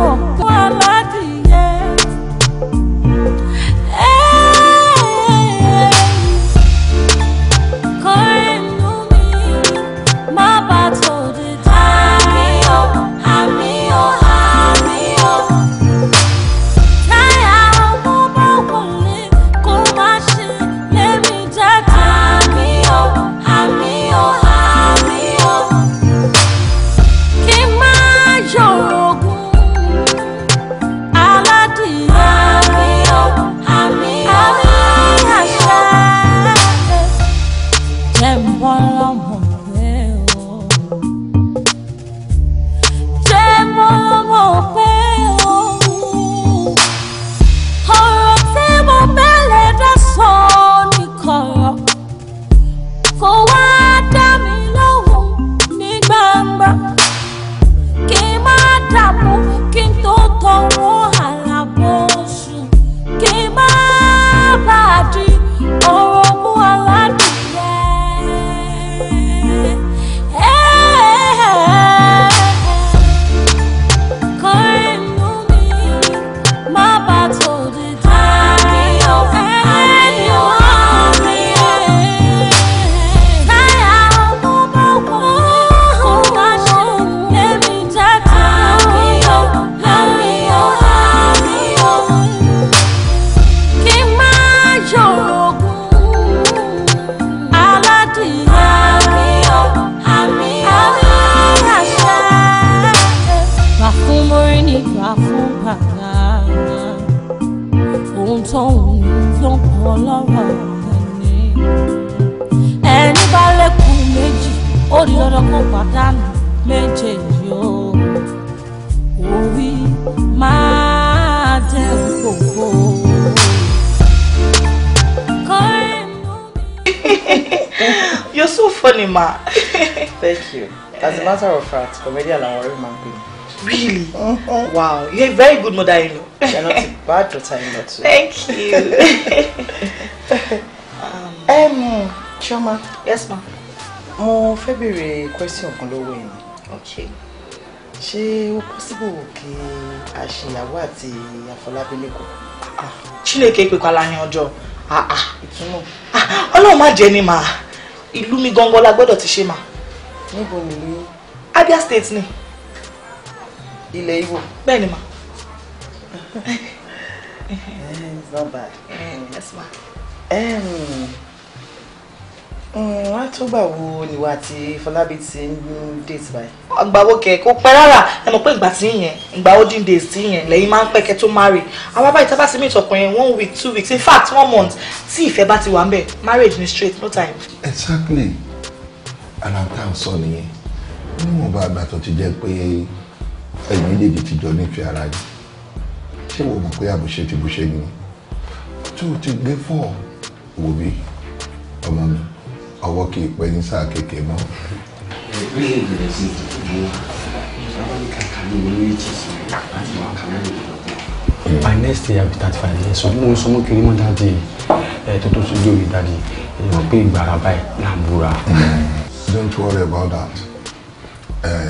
我慢慢。You're so funny, ma. Thank you. As a matter of fact, comedian and worry man be. Really? Mm-hmm. Wow. You're a very good mother-in-law. You're not a bad daughter-in-law too. Thank you. um, um, Chioma. Yes, ma. Mo February question kan lọ́wọ́ yín. Okay. Ṣé ó possible kí a ṣe ìyàwó àti Àfọlábí lẹ́kọ̀ọ́? Ah, Chineke pé kọ́ aláyan ọjọ́. Ah, ah. Ìtúnú. Ọlọ́run má jẹ́ ni màá ìlú mi gangan la gbọ́dọ̀ ti ṣe mà. níbo nìlú yín. Abia state ni. ilẹ̀ Ìgbò. bẹ́ẹ̀ ni mà. Eh, it's not bad. Eh, yes ma. Um, wọ́n á tó gbà wo níwà tí Fọlábí ti ń date báyìí. àgbàwo kẹ kó pẹ́ rárá ẹ mọ̀ pé ìgbà tí yẹn ìgbà olden days tí yẹn lẹ́yìn máa ń pẹ́ kẹ́ tó marry àwọn abáyìí tábà sí mi ìtọkùnrin one week two weeks in fact one month tí ìfẹ́ bá ti wà ń bẹ̀ marriage ni straight no time. exactly ara tá à ń sọ nìyẹn níwọ̀nba àgbà tó ti jẹ́ pé ẹ̀yin méjèèjì ti jọ nífẹ̀ẹ́ ara yìí ṣé wo mọ̀ pé àbùṣe ti bùṣe ni tó o ti gbé fọ́ òbí ọwọ́ kì í pẹ́ ní sáà kékeré mọ́. by next year i be thirty five years old mo ń sọmọ kiri mo dáadé ẹ tó tó tún lórí dáadé ẹ yọ pé ìgbàrà báyìí là búra. don't worry about that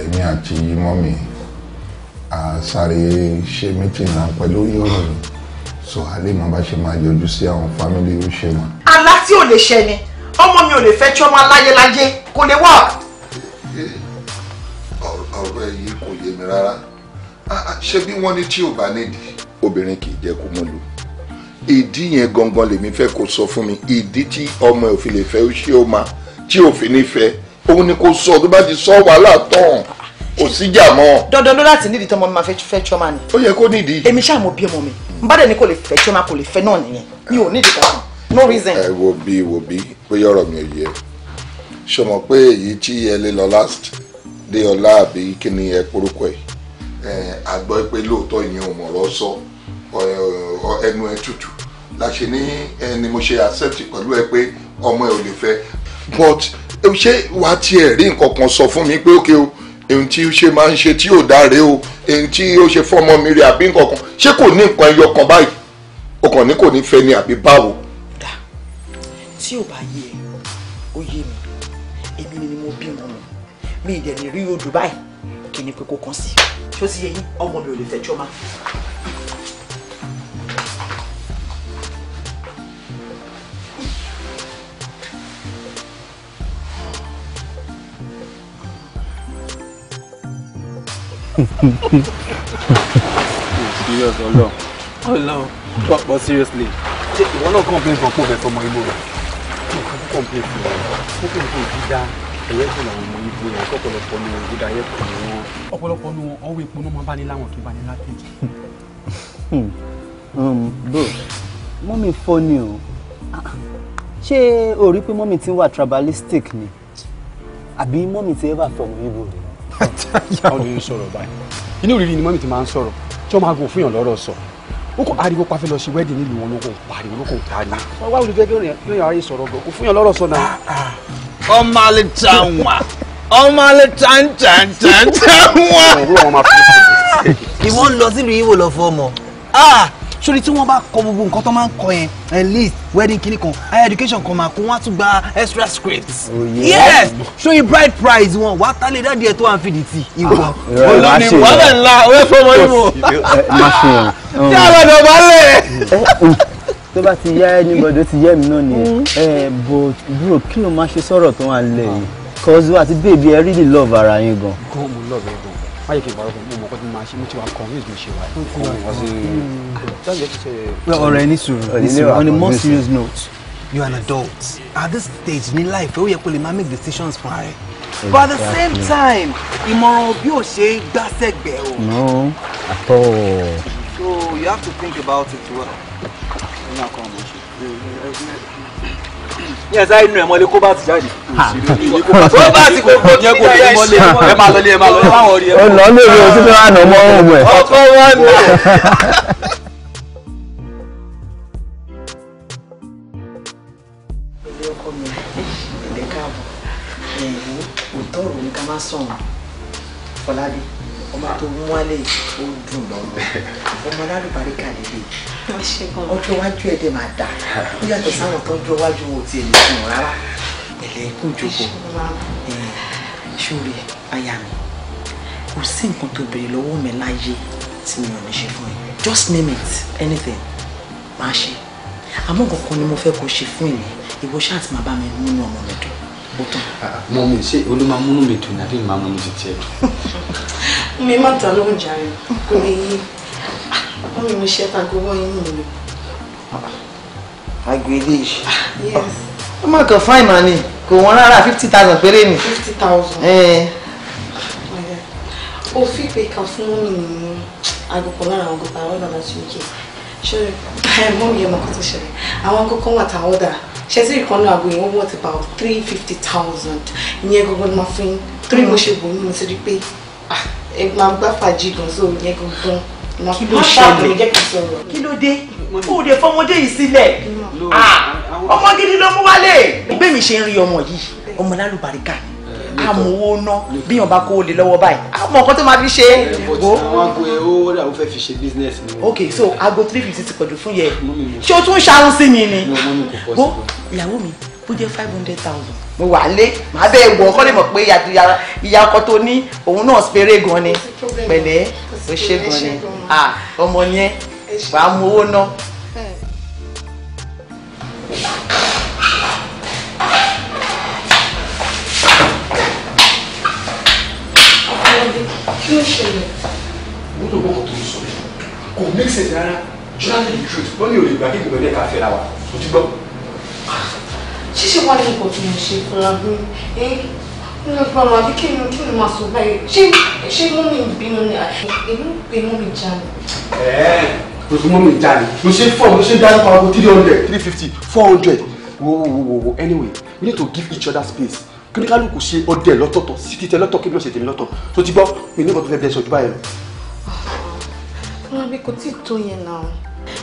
èmi àti mọ́mì àsáré ṣe meeting náà pẹ̀lú yọ̀rọ̀ so a lè mọ bá ṣe máa yọjú sí àwọn family ó ṣe wọn. àlá tí ò lè ṣẹ ni ọmọ mi ò lè fẹ́ tí ọmọ aláyéláyé kò lè work. ọ̀rọ̀ ẹ yìí kò yé mi rárá ṣé bí wọ́n ní tí ò bá nídìí obìnrin kì í jẹ́ kó mọ́ lò ìdí yẹn gangan lèmi fẹ́ kó sọ fún mi ìdí tí ọmọ ẹ̀ òfin lè fẹ́ ṣé ó máa tí òfin ní fẹ́ òun ni kò sọ tó bá ti sọ wàhálà tán kò sí jà mọ́. dandan ló láti nídìí tọmọ mi máa fẹ́ tí ọmọ ni. ó yẹ kó nídìí. èmi ṣáà mo bí ọmọ mi n bá dẹ̀ ni kò lè fẹ́ tí ọmọ kò lè fẹ́ náà nìyẹn mi ò nídìí kankan no reason. ẹ wo bí wo bí bóyá ọ̀rọ̀ mi ò yẹ ṣe mọ̀ pé èyí tí ẹ lè lọ last dé ọlá àbí kí ni ẹ porúkọ ẹ àgbọ̀ pé lóòótọ́ ìyẹn ò mọ̀rọ̀ sọ ẹnu ẹ tútù láṣẹ ní ẹni mo ṣe accept pẹ̀lú ẹ pé ọmọ ẹ ò lè fẹ́ but ṣé wàá tiẹ̀ rí nǹkan kan sọ fún mi pé ókè o ohun tí ó ṣe máa ń ṣe tí ò dáre o ohun tí ó ṣe fọmọ mi rè àbí nǹkan kan ṣé kò ní nǹkan ẹyọ kan báyìí o kàn ní kò ní fẹ́ ni àbí báwo tí ò bá yé ẹ ó yé mi èmi ni mo bímọ mi mi ì dẹ̀ lè rí odò báyìí kí ni pé kó kàn sí ṣó sì yẹ yín ọmọ mi ò lè fẹ́ jọ́ máa. serious ọlọ́run ọlọ́run but seriously ìwọ náà complain for pọ̀ fẹ́ fọmọ igbó rẹ̀ kọ̀m̀pléètì rẹ̀ ó kò ní kò dídá ẹ̀yẹ́ sì làwọn ọmọ ibo yẹn ọ̀pọ̀lọpọ̀ ni wọn dídá ẹ̀yẹ́ kò ní wọn. ọ̀pọ̀lọpọ̀ ni wọn ọwọ́ epo náà máa bá ní láwọn kí bá ní lápèjì. bro mọ́mí fọ́ni o ṣé o rí pé mọ́mí ti ń wà tribalistic ni àbí mọ́mí ti ever tọ̀ wọ́n ibo rẹ̀. ọ̀hún ni sọ̀rọ̀ báyìí inú òrìrì ni mọ́mí ti máa ń sọ̀rọ̀ tí wọ́n máa gùn fún yàn lọ́rọ̀ sọ̀rọ̀ ó kò ariwo pa fẹ́ lọ ṣe wẹ́ẹ̀dì nílùú wọn ló kò pariwo ló kò pariwo. wá wùdí gẹ́gẹ́ lóyún ààrẹ sọ̀rọ̀ gan kò fún yàn lọ́rọ̀ sọ̀nà. ọmọ alẹ́ ta wà ọmọ alẹ́ ta ń ta ń ta ìwọ ń lọ sílùú ibo lọ fọ ọmọ ah! sórí tí wọ́n bá kọ gbogbo nǹkan tó máa ń kọ yẹn at eh, least wedding kìíní kan higher education kan máa kó wọ́n á tún gba extra scripts. Oh, yes So sórí bride price wọn wàá tálẹ̀ dáàdi ẹ̀ tó à ń fìdí tì ìwọ. Ah, olórí wàhálà ńlá owó fún ọmọ yìí mọ. Eh, tí a lọ dọ̀ bọ́lẹ̀. Oh, oh. tó bá ti yá ẹni bọ̀dọ̀ ti yẹ mi náà nìyẹn ẹ bọ̀ bro kí ló máa ṣe sọ̀rọ̀ tó wà lẹ̀ yìí cause wa ti bèbí ẹ really love ara yín gan. kó o mú love ẹ gan má yẹ kí n bọ̀rọ̀ fún mi mo mọ̀ kọ́tún máa ṣe mo ti on the most serious note you are an adult at this stage in life We are going to make decisions for ara but at the same time ìmọ̀ràn bí o ṣe gbàsẹ̀gbẹ̀ o. no at all. so you have to think about it well yẹn sáré nu ẹ mọ́lé kó bá ti jáde. kó bá ti kó kó yẹn kó máa lọ lé ẹ máa lọ lé fáwọn rí ọ̀nà lè lo títí wàá nà ọmọ ọ̀hún ẹ̀. ọkọ wọn nà. ilé ọkọ mi ilé káàbọ̀ ẹ̀wọ̀ òótọ́ ká má sọ̀rọ̀ Fọlábí ọmọ tó mú wálé ó dùn lọ́nà ọmọ alálùbáríkà lélẹ̀ ọjọ́ iwájú ẹ̀ dẹ̀ máa dà ó yàtọ̀ sáwọn tó ń dúró wájú wọn ò tiẹ̀ lè sùn rárá ẹlẹ́kùn jókòó ṣúrí aya mi kò sí nǹkan tó béèrè lọ́wọ́ mi láyé tí mi ò ní ṣe fún ẹ just name it anything máa ṣe àmọ́ kankan ni mo fẹ́ kó ṣe fún ìní ìwọ ṣáà ti máa bá mi múnú ọmọ mi dùn ó tán. mo mi ṣe olú máa múnú mi dùn ní àbí màá múnú ti tiẹ̀ dùn. mi má ta ló ń jàre kò ní yí wọ́n ah, mi mo ṣe àgọ́wọ́ inú mi. àgbè ilé iṣẹ́ ó má kàn fáìn mà ni kò wọ́n rárá fifty thousand péré ni. fifty thousand eh. oh, o fi pe kan fún mi ní agogo lára àwọn agogo àwọn ìbàdàn tí ó yẹ ṣe mọ mi yẹn mọ kó tó ṣẹlẹ̀ àwọn agogo wà táwọn dà ṣe sí ìkànnì àgbo yẹn wọ́n wọ́n ti pa three fifty thousand ìyẹn gbogbo ni mo fi three mo ṣe bò ó ní mo ti rí pé ah ẹgbẹ́ agbáfàjì gan so yẹ gangan kí ló ṣẹlẹ̀ kí ló dé kó o dé fọmọdé yìí sílẹ̀ ah, ọmọ gidi ló mú wálé. bẹ́ẹ̀ mi ṣe ń rí ọmọ yìí ọmọ lálùbáríkà eh, amòwò ná bí wọn bá kó o lè lọ́wọ́ báyìí àmọ́ nǹkan tó máa fi ṣe é. Eh, àwọn aago ẹ ó rà ó fẹ́ fi ṣe business ni. ok so aago three fifty ti pọ̀jù fún yẹ ṣé o tún ṣàrùn sí mi ni. ìyàwó mi bó jẹ́ five hundred thousand. mo wà lé màá bẹ́ẹ̀ wọ ọkọ lè mọ̀ pé ìyá ọkọ tó ní òun náà péré gan ni pẹ̀lẹ́ ó ṣe gan ni ọmọ yẹn wàá mú owó ná. kí ló ṣẹlẹ̀. mo tó gbọ́ kó tó sọ yìí kò make sense rárá jọ́nà lè ju ìtúbọ́lì ò lè gbà kí gbogbo ẹ̀dẹ́ ká fẹ́ra wa o ṣíṣe wá ní nǹkan tí mo ṣe fúnra mi ẹ ń lọ bá wọn àbí kí ni kí ni máa sọ báyìí ṣé ṣé mú mi bínú ni èmi ń pè mú mi já ni. ẹẹ kò sí mú mi já ni mo ṣe fọ mo ṣe dájú pa owó three hundred three fifty four hundred wo wo wo anyway we need to give each other space kí ni kálukú ṣe ọdẹ lọ́tọ̀ọ̀tọ̀ sí títẹ lọ́tọ̀ kí ni ọ̀sẹ̀ tèmi lọ́tọ̀ tó ti gbọ́ mi ní nǹkan tó fẹ́ bẹ́ẹ̀ sọ jù báyìí lọ. wọn bí kò tí ì tó yẹn náà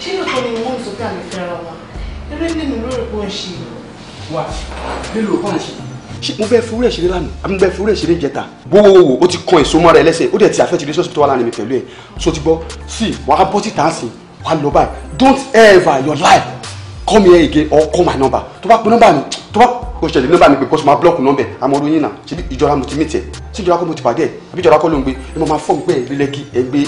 ṣé lóko ni wọn ń sọ pé àlè fẹ́ra wọn eré ní mi lórí bó ń ṣe yìí wà nílò kọ́ àṣẹ. ṣé mo bẹ fúrú ẹ̀ ṣeré lánàá àbí mo bẹ fúrú ẹ̀ ṣeré jẹta. wọ́wọ́wọ́ o ti kan èso mọ́ra ẹ lẹ́sẹ̀ ó dẹ̀ ti àfẹ́ ti relationship tó wà láàrin mi pẹ̀lú ẹ̀ so ti gbọ́ sí wàá bọ́ síta sí wàá lọ báyìí don't ever your life call me here again or call my number tó bá pe nọ́mbà mi tó bá kò ṣẹlẹ̀ nọ́mbà mi because ma block nọ́mbẹ̀ àmọ́ orin yín náà ṣe bí ìjọra mo ti mí tiẹ̀ ṣé ìjọra kọ́ mo ti pàdé ẹ̀ àbí ìjọra kọ́ ló ń gbé ẹ máa fọ́ọ̀mù pé ẹ̀gbẹ́ lẹ́kì ẹ̀gbẹ́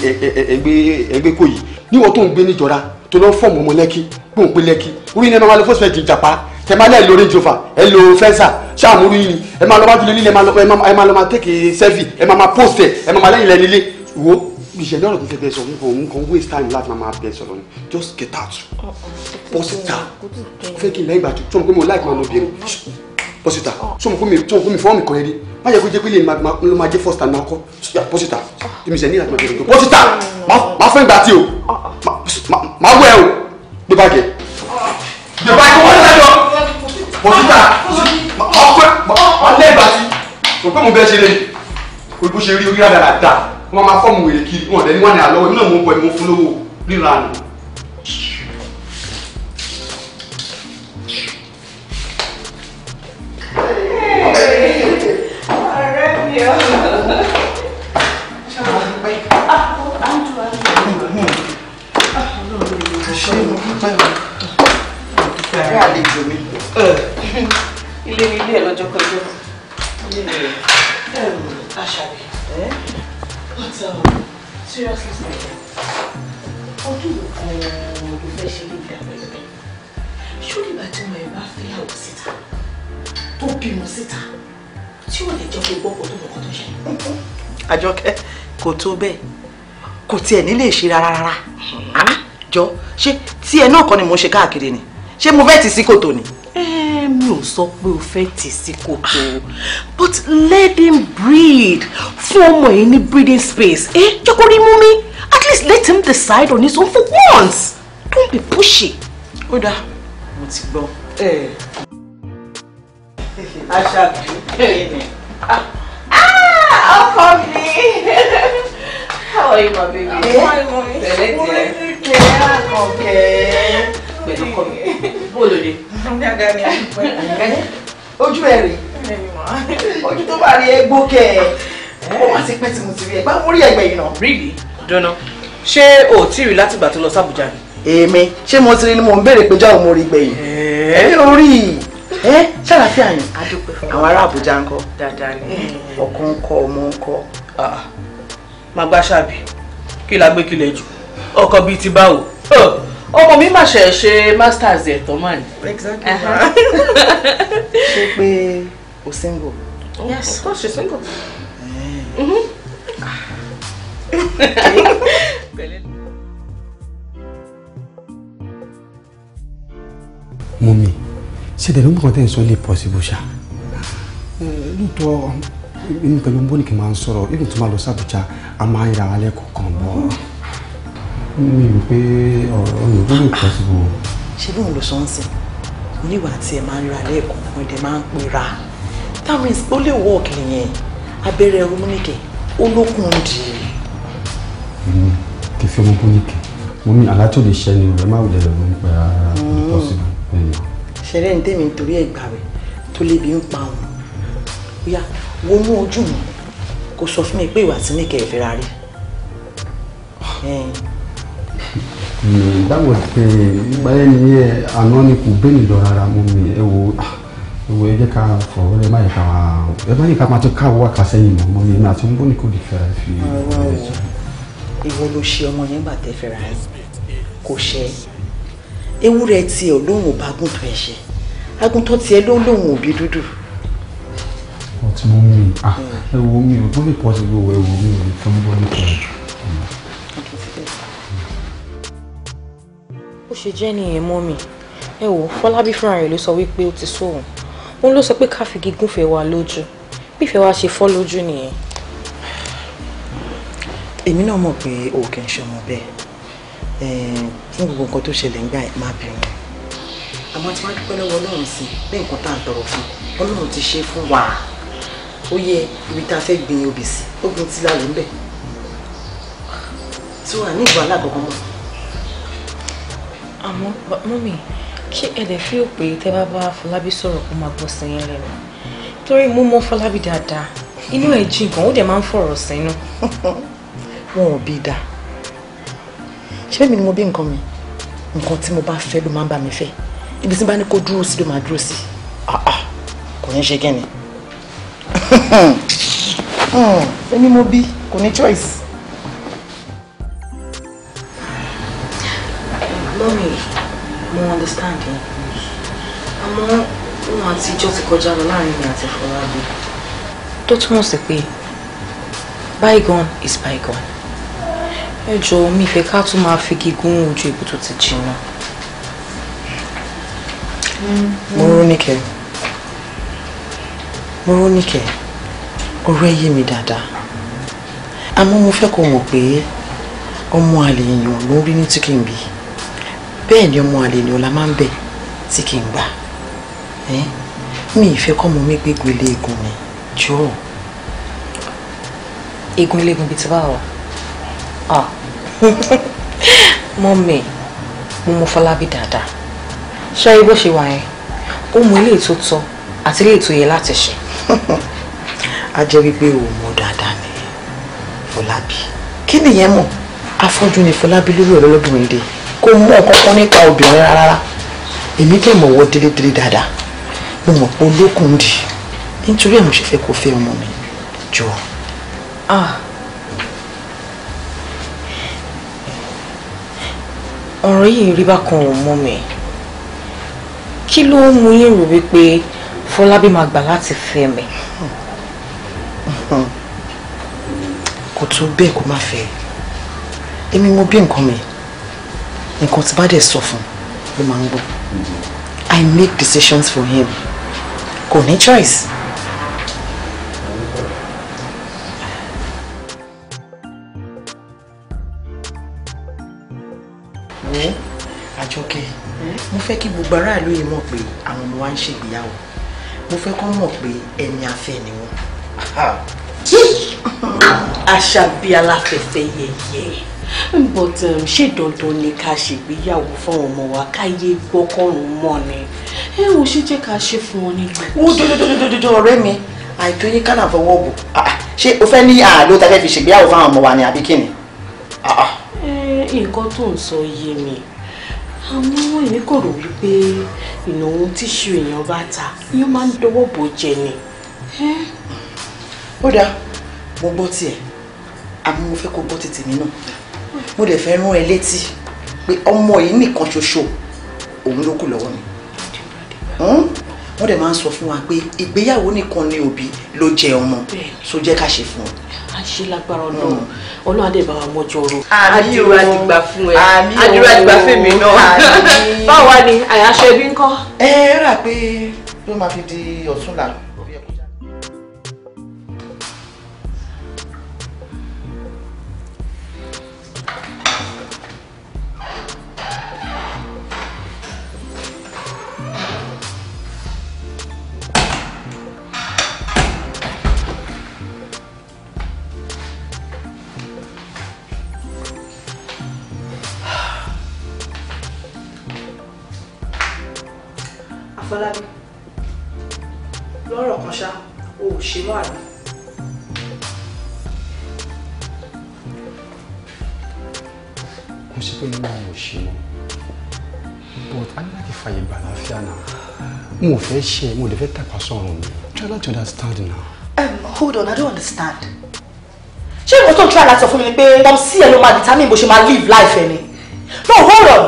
ẹ̀gbẹ́ ẹ̀gbẹ́ kò yìí níwọ̀n tó ń gbé níjọra tó lọ́ fọ́ọ̀mù ọmọ lẹ́kì gbóhùn pé lẹ́kì orí ni ẹ máa lọ fọ́ọ̀sì fẹ́ẹ́ jìn jàpá tẹ máa lẹ lórí jòfà ẹ lo fẹsà ṣàmúrú yìí ni ẹ máa lọ wájú lé nílé ẹ máa lọ máa tẹkẹ sẹfì ẹ máa máa post ẹ ẹ máa máa lẹ́yìn lẹni lé wo ìṣẹ̀lẹ̀ ọ̀rọ̀ tó fẹ́ bẹ sọ nǹkan òun kan waste time láti máa máa bẹ sọ̀rọ̀ ni just get out pọ́sítà ó fẹ́ kí n lẹ́yìn ìgbà tó mọ̀ pé mo láì máa lo obìnrin pọ́sítà tó mọ̀ pé mi fọwọ́ mi kàn yẹn rí má yẹ kó jẹ́ pé lè ló máa jẹ́ first time máa kọ́ pọ́sítà èmi sẹ̀ ní láti máa bẹ̀rẹ̀ pọ́sítà máa fẹ́ gbà tí o máa wẹ̀ o gbé báàgì gbé báàgì wọ́n mo ti gbà ọpẹ́ ìbàdí mo pé mo bẹ́ẹ̀ ṣe lé kò bó ṣe rí orí àdàrà dà wọ́n máa fọ́ọ̀mù wèrè kiri wọn ọ̀dẹ́ wọn ní àlọ́wọ́ nínú mo bọ̀ ẹ̀ fún lówó ríra nù. Ṣé mo dúpẹ́ o? Ìfẹ́ àlejò mi. ilé ni ilé ẹ̀ lọ́jọ́ kan ẹjọ́ kan aṣàbí but um, seriously sir ọdún yìí gan-an ló fẹ́ ṣe lè dà pẹ́pẹ́ ṣó nígbà tí mo ẹ̀ bá fẹ́ àwọn síta tó bímọ síta tí ò lè jẹ́ kó gbọ́ tó mọ̀ kó tó ṣe. àjọkẹ́ kò tó bẹ́ẹ̀ kò tiẹ̀ ní lè ṣe rárá rárá hmm. àmì jọ ṣé tí ẹ náà kọ́ ni mo ṣe káàkiri ni ṣé mo fẹ́ ti sí kòtò ni. Eh, mi ò sọ pé o fẹ́ tì sí kòtò but let him breathe fún ọmọ yìí ní breathing space Eh, jẹ́ kó rí mú mi at least let him decide on his own for once don't be pushy. ó dáa mo ti gbọ́. Eh. aṣáájú ah, ọkọ mi how are you my baby. I'm fine mommy. tẹ̀lé tẹ̀lé. mo rí ní kẹ́ẹ́ àkànkẹ́ pẹ̀lú kọ́ mi bó lò dé. ojú ẹ rèé ojú tó bá rí ẹ gbókè ó wá sí pẹ́ tí mo ti rí ẹ bá mo rí ẹgbẹ́ yìí náà. ríìlì dọ́nà ṣé o ò tí ì rí tó lọ sábùjá ni. èmi ṣé mo ti rí ni mo ń béèrè pé jáwọ́ mo rí gbẹ̀yìn. ẹ orí ẹ ṣàlàfíà yín àwọn ará àbújá ń kọ́ dáadáa ni ọmọ ń kọ́. Ah, máa gbá ṣáàbì kí la gbé kílẹ̀ jù ọkọ bíi ti báwo ọmọ mi mà ṣe ṣe masters ẹ̀ tán mà ní. exactly ṣe pé o single. yes of course she single. Mm-hmm. Mm-hmm. mumi ṣe tẹ̀lé nǹkan tẹ̀ ń sọ lè possible ṣá lóòótọ́ pẹ̀lú bóni kì máa ń sọ̀rọ̀ ibi tó máa lọ sí a máa ń yẹra lẹ́kọ̀ọ́ kan bọ́ mi rò pé ọ̀rọ̀ òyìnbó lè pọ̀ sí gbogbo. ṣé bóun ló sọ ń sìn oníwà tí ẹ máa ń ra lẹ́ẹ̀kan kan ẹ̀dẹ̀ máa ń pera that means ó lè work nìyẹn abẹ́rẹ́ omúnìkẹ́ olókùn dì í. èmi kì í fi ọmọ bóníkì mo ní àlá mm. tó lè ṣẹ ni ọ̀rẹ́ máa wùlẹ̀ lọ́wọ́ nípa ara pọ̀ sí i. ṣẹlẹ̀ ní tèmi nítorí ẹ̀gbà rẹ̀ tó lébi ń pa òun bóyá wọnú ojú mi kò sọ fún mi pé ìwà tí mi kẹ̀ ẹ̀ fẹ́ ra rí that was ìgbà yẹn ni àná ni kò bẹ́ẹ̀ nìlọ rárá mú mi ẹ wo ah, ẹ wo ẹ jẹ́ ká fọ̀rọ̀ ẹ má yẹ ká máa ẹ má yẹ ká máa tó káwọ́ wá kásẹ́yìn mọ́ mọ́ mi èmi àti mbóni kò lè fẹ́ra fi ọ̀rẹ́ sọ. ìwọ ló ṣe ọmọ yẹn gbà tẹ fẹ́ra ẹ kò ṣe ewúrẹ́ tiẹ̀ olóhùn bá gùn tó ẹ ṣe agùntàn tiẹ̀ ló lóhùn òbí dúdú ọtí mú mi ah, mm. ẹ wo mi ò tó lè ṣe jẹ́ nìyẹn mọ́ mi ẹ wò fọlábí fúnra rẹ̀ ló sọ wípé ó ti sóhun òun ló sọ pé ká fi gígùn fẹ́ wa lójú bí ìfẹ́ wa ṣe fọ́ lójú nìyẹn. èmi náà mọ̀ pé o kì í ṣe ọmọ bẹ́ẹ̀ fún gbogbo nǹkan tó ṣẹlẹ̀ nígbà má bínú àmọ́ tí wọ́n dúpẹ́ lọ́wọ́ ọlọ́run sí pé nǹkan tá à ń tọrọ fún ọlọ́run ti ṣe fún wa ó yẹ ibi tá a fẹ́ gbin obì sí ó gbin tí láàyè ń bẹ̀ tí wọ́n à ní ìwà aláàbọ̀ mọ́ àmọ́ mọ́mì ṣé ẹ lè fi òpè tẹ́ bá bá Fọlábí sọ̀rọ̀ kó máa gbọ́ sí yín lẹ́nu torí mo mọ Fọlábí dáadáa inú ẹ̀ jí nǹkan ó dẹ̀ máa ń fọ̀rọ̀ sínú. wọn ò bí i dá ṣé mi ni mo bí nǹkan mi nǹkan tí mo bá fẹ́ ló máa ń bá mi fẹ́ ibi tí bá ní kó dúró sí ló máa dúró sí ah, ah, kò ní ṣe kẹ́ni èmi hmm, hmm, mo bí kò ní choice. mọ́mí mo understand yẹn àmọ́ òun àtijọ́ ti kọjá lọ láàrin mi àti Fọlábí tó túmọ̀ sí pé bygone is bygone ẹ jọ̀ọ́ mi ìfẹ́ ká tún máa fi gígùn ojú ibi tó ti jìnnà. Moronike Moronike ọ̀rọ̀ ẹ yé mi dáadáa àmọ́ mo fẹ́ kó mọ̀ pé ọmọ àlè èèyàn ló ń rí ní tíkìǹbì bẹ́ẹ̀ ni ọmọ àlè ni ọlá máa ń bẹ̀ tí kì í gbà mi ìfẹ́ kọ́ mọ mi gbégbé léegun mi jọ. egun léegun bíi ti báwo ah. mọ́mì mo mọ Fọlábí dáadáa ṣé bó ṣe wà yẹn ó mọ ilé tó tọ́ àti ilé tó yẹ láti ṣe. a jẹ́ wípé o mọ dáadáa ni Fọlábí kí nìyẹn mọ̀ afọ́jú ni Fọlábí lórí ọ̀rọ̀ lọ́dún yìí kó mú ọkọ̀ọ̀kan nípa obìnrin rárá èmi tẹ̀ mọ̀ wọ́ délédélé dáadáa mo mọ̀ pé olókùn dì nítorí ẹ̀ mo ṣe fẹ́ kó fẹ́ ọmọ mi jọ. Ah. ọ̀rọ̀ yìí rí bákan ò mọ́ mi kí ló ń mú yín rò wípé Fọlábí máa gbà láti fẹ́ mi. kò tó bẹ́ẹ̀ kó má fẹ́ èmi mo bí nǹkan mi nǹkan tí bá dẹ̀ sọ fún ló máa ń gbọ́ I make decisions for him kò ní choice. wo àjọkẹ́ mo fẹ́ kí gbogbo aráàlú yìí mọ̀ pé àwọn ọmọ wa ń ṣègbéyàwó mo fẹ́ kọ́ mọ̀ pé ẹni afẹ́ ni wọ́n. àṣà bíi aláfẹ́fẹ́ yẹ̀yẹ́ but um, ṣé dandan ni ká ṣègbéyàwó fáwọn ọmọ wa káyé gbọ́kọ̀rún mọ́ ni ẹ ò ṣe jẹ́ ká ṣe fún wọn nígbà. wọ́n dúdúdúdúdú ọ̀rẹ́ mi àìtó yín kánà fọwọ́ bò ah, ah, ṣé o fẹ́ ní àlọ́ ah, tá fẹ́ fi ṣègbéyàwó fáwọn ọmọ wa ni àbí kíni. nǹkan tó ń sọ yé mi àwọn èmi kò rò wípé ìnáwó tíṣù èèyàn bá ta yóò máa ń dọwọ́ bò jẹ ni. ó dáa mo gbọ́ tiẹ̀ àmọ́ mo fẹ́ kó gbọ́ tètè mi náà mo dẹ̀ fẹ́ rán ẹ létí pé ọmọ yìí nìkan ṣoṣo òun ló kù lọ́wọ́ mi hmm? wọ́n dẹ̀ máa ń sọ fún wa pé ìgbéyàwó nìkan ni òbí ló jẹ ọmọ so jẹ́ ká ṣe fún ọ. a ṣe lágbára hmm. ọlọ́run ọlọ́run adé bá wa mọ́jọ ro àdúrà dìgbà fún ẹ àdúrà dìgbà fèmí náà báwa ni àyàṣe bí ń kọ́. ẹ rà pé ló máa fi di ọ̀túnla Afọlábí lọ́rọ̀ kan ṣá o ò ṣe mọ́ àná. mo ṣe pé nínú àwọn òṣèlú but a ní láti fàyè gbà láfíà náà mo ò fẹ́ ṣe mo ò lè fẹ́ tàpá sọ̀rọ̀ mi try not to understand now. Um, hold on I don't understand. ṣé ìwọ tó ń try láti sọ fún mi ni pé tom sí ẹ ló máa determine bó ṣe máa live life ẹ ni. no hold on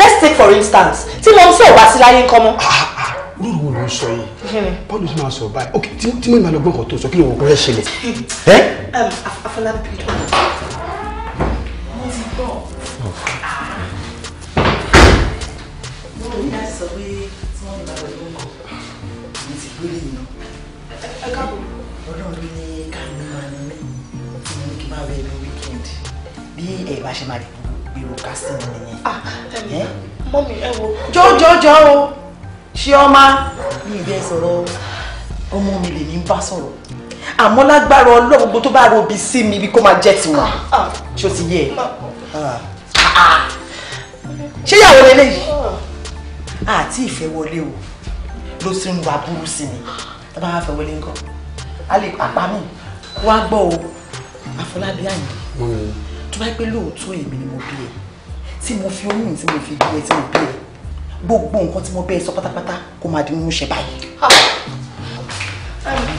let's take for instance tí mo ń sọ ìwà sí ń kọ́ mọ́. Ah, sọ yìí bọ́ọ̀lù tí máa sọ báyìí ok tí mo máa lọ gbọ́n kan tó sọ kí ló wọ́n kọ́ rẹ́ ṣẹlẹ̀. ẹ. afọlábí dọ̀ mo ti gbọ́ mo ní àìsàn pé tí wọ́n ní bàbá ìlú kan mo ti gbé lẹ́yìn náà. ẹ káàbọ̀ ọ̀dọ́ mi ní káàmì máa ní tí mo ní kí n bá bẹ lọ wíkẹ́ndì bí ẹ̀ bá ṣe máa dìbò èrò kásìmù nìyẹn. Ah, mọ́mí ẹ wo jọ́jọ́jọ́ o ṣíọ́má bí ìdí ẹ̀ sọ̀rọ̀ ọmọ mi lè ní bá sọ̀rọ̀ àmọ́ lágbára ọlọ́run gbogbo tó bá robi sí mi ibi kó máa jẹ́ tiwọn ṣó ti yẹ ṣé ìyàwó lélẹ́yìí àti ìfẹ́ wọlé o ló ti ń wa burú sí mi tá bá fẹ́ wọlé nǹkan a lè pápá mi wá gbọ́ o àfọlábí àyìn tó bá pẹ́ lóòótọ́ èmi ni mo bí ẹ tí mo fi oyún tí mo fi bí ẹ tí mo bí ẹ gbogbo nǹkan tí mo bẹ́ẹ̀ sọ pátápátá kó máa di mímúṣẹ báyìí.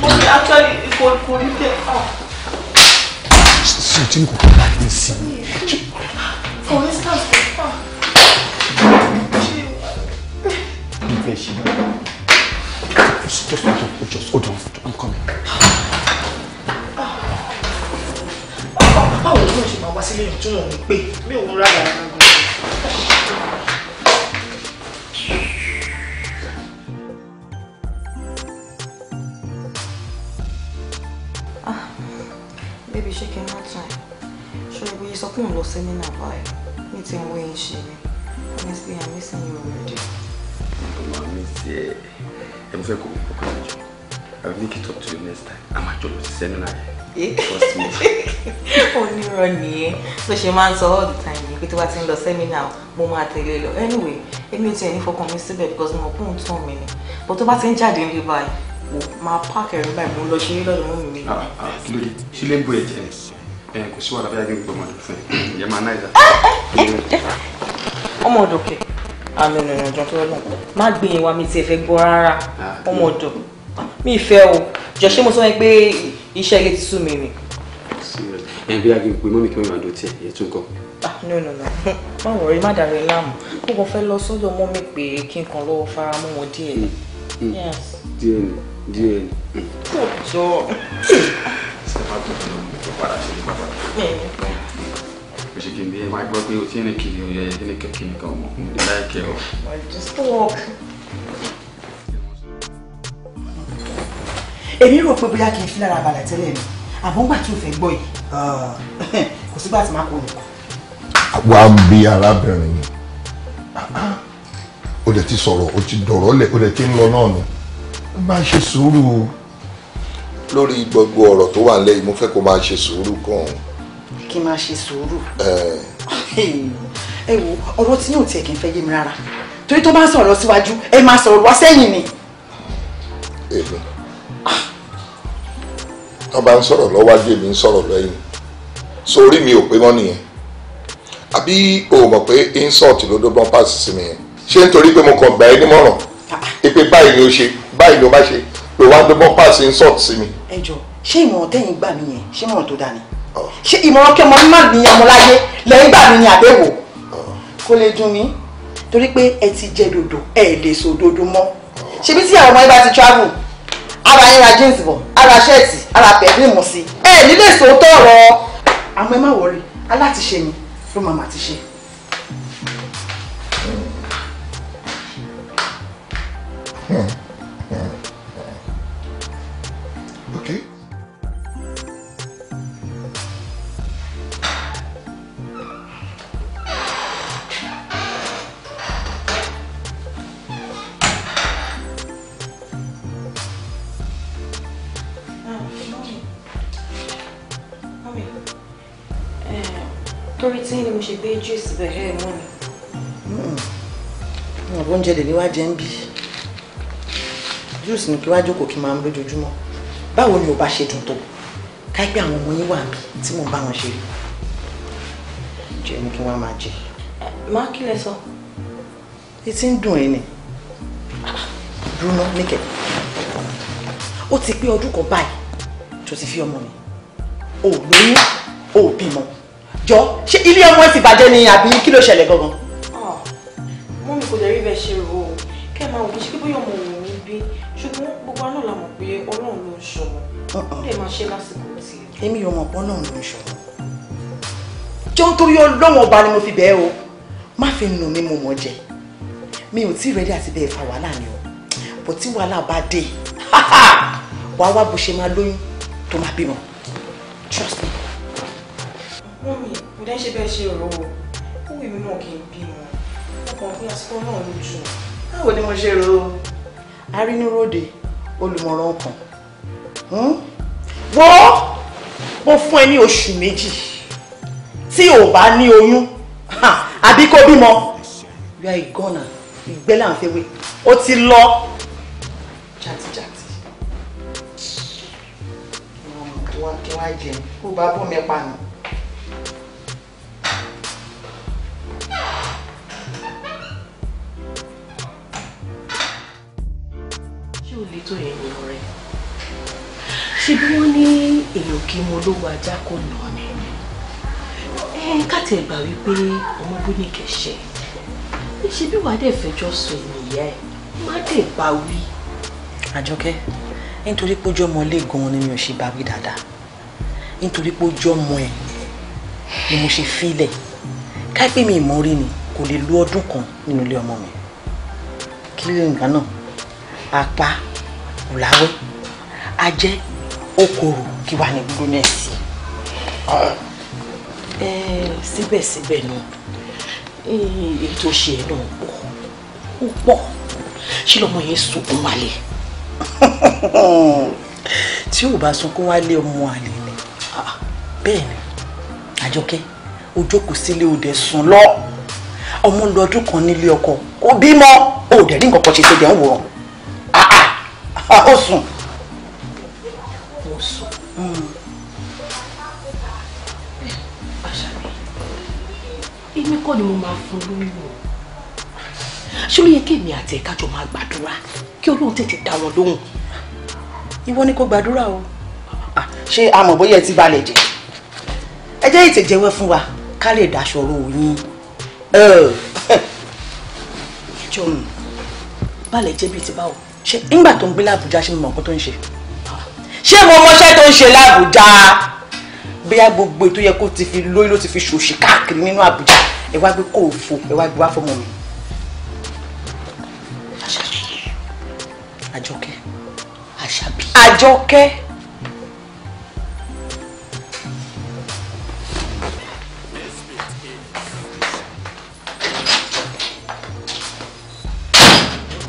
mo ní akẹ́lì ikọ̀ ikọ̀ ní tẹ̀. ṣé o ti ń kó kó bá mi sí i. for instance kò fà. bí bẹ́ẹ̀ ṣe lọ. just just hold on just hold on i'm coming. báwo ni wọ́n ṣe máa wá sílé ìrìn tó yàn ní pé mi ò ń rárá rárá. yìí sọ pé òun lọ sẹ́mínà báyìí mi ti mú eyín ṣe ni honestly i'm missing you already. ọmọ mi ti ẹ ẹ mo fẹ́ kó ọkọ mi jọ i will make it up to you next time a máa jọ lọ sí sẹ́mínà yẹn trust me. onírọ̀ nìyẹn ló ṣe máa ń sọ all the time yìí pé tó bá ti ń lọ sẹ́mínà mo máa tẹ̀lé lọ anyway èmi ò tiẹ̀ ní fọkàn mi síbẹ̀ because mo pọ́n tán mi ni but tó bá ti ń jáde ní báyìí máa pààkì ẹ̀rí báyìí mo lọ ṣeré lọ́dọ̀ mọ́ mi. Ah, ah, kí ló dé sílé ń bó ẹ̀jẹ̀ ni ẹ eh, kò sí wàhálà bí a yẹ kí n gbọmọ ìfẹ́ ìyẹn máa náà eh, eh, ìdá. ọmọ ọ̀dọ̀ kẹ àmì ìrìnà ọjọ́ tó lọ má gbé yẹn wá mi tiẹ̀ fẹ́ gbọ́ rárá ah, ọmọ ọ̀dọ̀ mi ìfẹ́ o jọ ṣé mo sọ pé iṣẹ́ ilé ti sú mi rìn. ẹ bí a yẹ pé mọ́mí kí wọ́n máa dùn tiẹ̀ yẹ tún kọ́. Ah, no no no má wọrí má dàrí láàmú kó kàn fẹ́ lọ sọ́dọ̀ mọ́mí pé kí n kàn lọ́wọ́ fara mọ́ wọn díẹ̀ ni. Mm, mm. díẹ̀ ni díẹ̀ ni. kò jọ tó padà sí ìgbà padà. o ṣe kí n bí ẹ máa gbọ́ pé o ti rìn kiri o yẹ kí ni kẹ̀kẹ́ nǹkan ọmọ kò ní láìkẹ́ o. just walk. èmi rò pé bóyá kì í fi lára balẹ̀ tẹ́lẹ̀ mi àmọ́ ńgbà tí o fẹ́ gbọ́ yìí eh, kò sígbà tí máa kọ lù. wà á o lè ti sọ̀rọ̀ o ti dọ̀rọ̀ lẹ̀ o lè ti ń lọ náà nù má ṣe lórí gbogbo ọ̀rọ̀ tó wà nílẹ̀ yìí mo fẹ́ kó máa ṣe sùúrù kan. kí n máa ṣe sùúrù. ẹ wo ọ̀rọ̀ tí yóò tiẹ̀ kì í fẹ́ yé mi rárá torí tó bá ń sọ̀rọ̀ síwájú ẹ máa sọ̀rọ̀ wá sẹ́yìn ni. èmi tó bá ń sọ̀rọ̀ lọ́wájú èmi ń sọ̀rọ̀ lẹ́yìn sórí mi ò pé mọ́ nìyẹn àbí o mọ̀ pé insult ló dọ́gbọ́n pass sí mi yẹn ṣé nítorí pé mo kàn gbà ẹ́ nímọ̀ràn ìpè ah. báyìí ni o ṣe báyìí ni o bá ṣe ló wá gbé bọ́pà sí insult sí mi. ẹ jọ ṣé ìmọ̀ràn tẹ́yìn gbà mí yẹn ṣé ìmọ̀ràn tó dáa ni ṣé ìmọ̀ràn kẹmọ má mi ọmọ láyé lẹ́yìn gbà mí ni àbẹ̀wò kó lè dùn mí torí pé ẹ ti jẹ dòdò ẹ lè so dòdò mọ́ ṣebí tí àwọn ọmọ yẹn bá ti travel ara yín ra jeans bọ̀ ara ṣẹ́ẹ̀tì ara pẹ̀lú sí ẹ nílé sòótọ́ ọ̀rọ̀ àwọn ẹ má wọrí alátiṣe mi ló máa máa ti ṣe. Hmm. Okay. Ah, eh, torí tí ni mo ṣe gbé juice bẹ̀rẹ̀ mú ni. ọ̀bọ̀n jẹ́ lè wá jẹ́ ń bì juice ni kí wá jókòó kí máa ń lójoojúmọ́ báwo ni ò bá ṣe dùn tó káìpẹ́ àwọn ọmọ yín wà níbi tí mò ń bá wọn ṣe rí jẹ́ mú kí wọ́n máa jẹ. má kí lẹ sọ. etí ń dùn ẹ ni bruno níkẹ ó ti pé ọdún kan báyìí tó ti fi ọmọ mi ò lóyún ò bímọ jọ ṣé ilé ọmọ ẹ ti bàjẹ́ ni àbí kí ló ṣẹlẹ̀ gangan. Ah, mọ́mí kò lè rí bẹ́ẹ̀ ṣe rò kẹ́ ẹ máa wò ó ṣe pé bóyá ọmọ òun ò ní bí ṣùgbọ́n gbogbo náà la mọ̀ pé ọlọ́run ló ń ṣọwọ́ uh-uh. ó lè máa ṣe lásìkò tiẹ̀. èmi ò mọ̀ pé ọlọ́run ló ń ṣọwọ́ jọ nítorí ọlọ́run ọba ni mo fi bẹ́ẹ̀ o má fi nù mí mo mọ̀ jẹ mi ò tí ì rẹ́dí àti bẹ́ẹ̀ fa wàhálà ni o bó tí wàhálà bá dé wàá wá bó ṣe máa lóyún tó máa bímọ trust me. wọ́n mi kò dẹ́ ṣe bẹ́ẹ̀ ṣe ọ̀rọ̀ o kó wèmí náà kì í bímọ ọkàn fún àsìkò náà lójú báwo ni mo ṣe rò ó arínúròde olùmọ̀ràn ọkàn hmm? wo mo fún ẹ ní oṣù méjì tí ò bá ní oyún àbí kó bímọ you are a gunner ìgbẹ́lẹ̀ àfẹ́wé ó ti lọ jàtijàti. wá kí wá jẹun kó bá bọ́ mi nù. ṣe bí wọ́n ní èèyàn kí mo lówó ajá kò nà ni káàtì ẹ̀gbà wípé ọmọ bó ní kẹ̀ṣẹ̀ ṣe bí wàá dẹ̀ fẹjọ́ sùn nìyẹn má dẹ̀ bá wí. àjọkẹ́ nítorí pé ojú ọmọ ilé gan-an ni mi ò ṣe bá wí dáadáa nítorí pé ojú ọmọ ẹ̀ ni mo ṣe fílẹ̀ káìpẹ́ mi ìmọ̀ ni kò lè lo ọdún kan nínú ilé ọmọ mi kí ló ń gbà náà apá òláwẹ́ ajẹ́ ó korò kí wàá ní gbónẹ́sì síbẹ̀síbẹ̀ náà ètò ṣe ẹ̀ náà pọ̀ ó ṣé lọ́mọ yẹn sunkún wálé tí ò bá sunkún wálé ọmọ àlè ni ah, bẹ́ẹ̀ ni àjọkẹ́ ó jókòó sílé òde sùn lọ ọmọ lọ́dún kan nílé ọkọ kò bímọ òde ní nǹkan kan ṣe tó jẹun wòran ah, ah, ó sùn àṣàbí èmi kọ́ ni mo máa fún lóyún ṣé ó yẹ kéèmí àti ẹ̀ka jọ máa gbàdúrà kí Ọlọ́run tètè dá wọn lóhùn ìwọ ni kò gbàdúrà o ṣé a mọ̀ bóyá ẹ ti balẹ̀ jẹ́ ẹ jẹ́ ètè jẹ́wọ́ fún wa ká lè daṣọ ro yín ìjọ balẹ̀ jẹ́ bíi ti báwo ṣé nígbà tó ń gbé lábùjá ṣe mọ̀ nǹkan tó ń ṣe ṣé mo mọṣẹ́ tó ń ṣe lábùjá bóyá gbogbo ètò yẹ kó ti fi lóyún ló ti fi ṣòṣì káàkiri nínú àbújá ẹ wá gbé kóòfò ẹ wá gbé wá fọmọ mi. àjọkẹ́ àṣàbí. àjọkẹ́.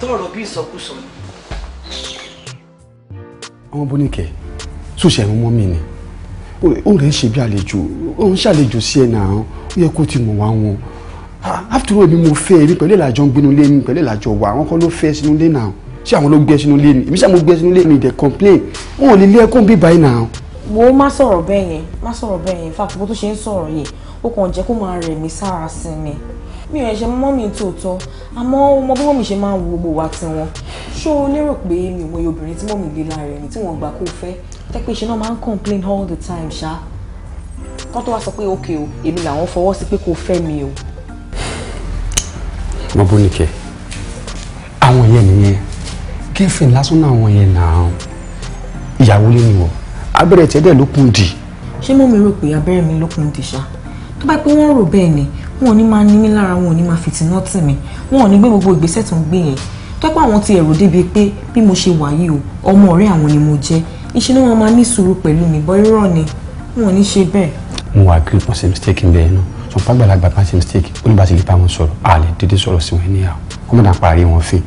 tọrọ bí ìsọkúsọ ni ọmọ Bóníkẹ́ tó ṣe ẹ̀rùn mọ́ mi ni ó rẹ̀ ń ṣe bí àlejò ó ń ṣàlejò sí ẹ̀ náà ó yẹ kó ti mọ̀ wá wọn after all mi mo fẹ́ ẹ̀rí pẹ̀lú ìlàjọ ń gbénu lé mi pẹ̀lú ìlàjọ wà àwọn kan ló fẹ́ sínú lé náà ṣé àwọn ló gbé sínú lé mi èmi ṣáà mo gbé sínú lé mi dẹ̀ complain wọn ò lè lé ẹkún bíbá yìí náà. wo má sọ̀rọ̀ bẹ́ẹ̀ yẹn má sọ̀rọ̀ bẹ́ẹ̀ yẹn fàkùkù tó ṣe ń sọ̀rọ̀ yẹn ó kàn jẹ́ kó máa rẹ̀ mí sára sí mi mi ò ṣe mọ́ mi tòótọ́ àmọ́ mo bí mọ́mì ṣe máa ń wo gbogbo wa tiwọn ṣó o lérò pé mi ò mọyì obìnrin tí mọ́mì lé lára ẹni tí wọ́n gbà kó fẹ́ tẹ́pẹ́ ṣe náà máa ń complain all the time ṣá kọ́ tó wá sọ pé ok o èmi làwọn fọwọ́ sí pé kò fẹ́ mi o. mo bó ní kẹ àwọn yẹn nìyẹn gẹ́fìn lásán náà àwọn yẹn náà ìyàwó lé ni wọ́n abẹ́rẹ́ tẹ́dẹ̀ ló kún dì. ṣé mọ́mì rò pé abẹ́rẹ́ mi ló kún dì ṣá tó bá pé wọ́n rò bẹ́ẹ̀ ni wọn ò ní máa ní mí lára wọn ò ní máa fìtínà tì mí wọn ò ní gbé gbogbo ìgbésẹ̀ tó ń gbé yẹn tọ́pọ̀ àwọn ti ẹ̀rù débi pé bí mo ṣe wà yìí o ọmọ ọ̀rẹ́ àwọn ni mo jẹ́ iṣẹ́ náà wọn máa ní sùúrù pẹ̀lú mi bọ́ irọ́ ni wọn ò ní ṣe bẹ́ẹ̀. mo wà kí wọn ṣe mistake bẹ́ẹ̀ náà sọ fún àgbàlagbà bá ṣe mistake ó ní bá ṣe lè bá wọn sọ̀rọ̀ a lè dédé sí wọn níyàwó kọ́mọ náà parí wọn fi